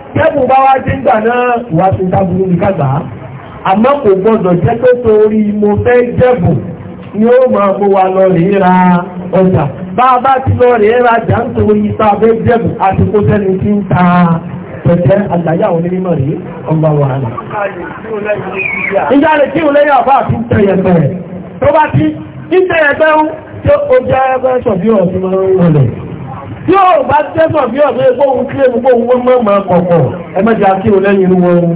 tẹ́bù bá wá dé gbà náà wà sí tábùrú ní kàgbà àmọ́ kò gbọ́dọ̀ jẹ́ pé torí mo fẹ́ jẹ́bù ni ó máa mú wa lọ rí ra ọjà bá a bá ti lọ rí ra jà ń torí ipa fẹ́ jẹ́bù àti kó sẹ́ni tí ń ta pẹ̀tẹ́ àgbáyà òní mímọ̀ rí ọgbà wàhálà. ìjà lè kí òun lẹ́yìn àbá àti tẹ̀yẹ̀pẹ̀ tó bá ti tẹ̀yẹ̀pẹ̀ ń jẹ́ ẹgbẹ́ sọ̀bí ọ̀sùn tí ó bá tẹ́sàn bí ọ̀sẹ̀ epo òun kí epo òun wọ́n mọ̀ mọ̀ kọ̀kọ̀ ẹ mẹ́jọ akí o lẹ́yìn inú wọn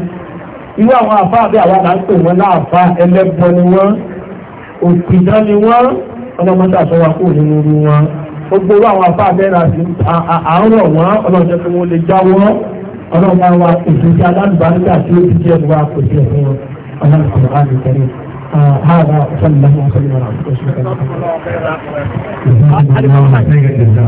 irú àwọn àfa àbí àwọn àdá ń pè wọn láàfa ẹlẹ́gbọ́n ni wọ́n òpìdán ni wọ́n ọlọ́mọdé àsọwà kò nínú irú wọn gbogbo irú àwọn àfa àbẹ́rẹ́ àti àárọ̀ wọn ọlọ́jọ́ fún wọn lè já wọn ọlọ́mọdé wa èso tí alábàárẹ́ àti ó ti jẹ́ ìwà kò sí ẹ̀fún wọn ọlọ́mọdé هذا وصلى الله وسلم على رسول الله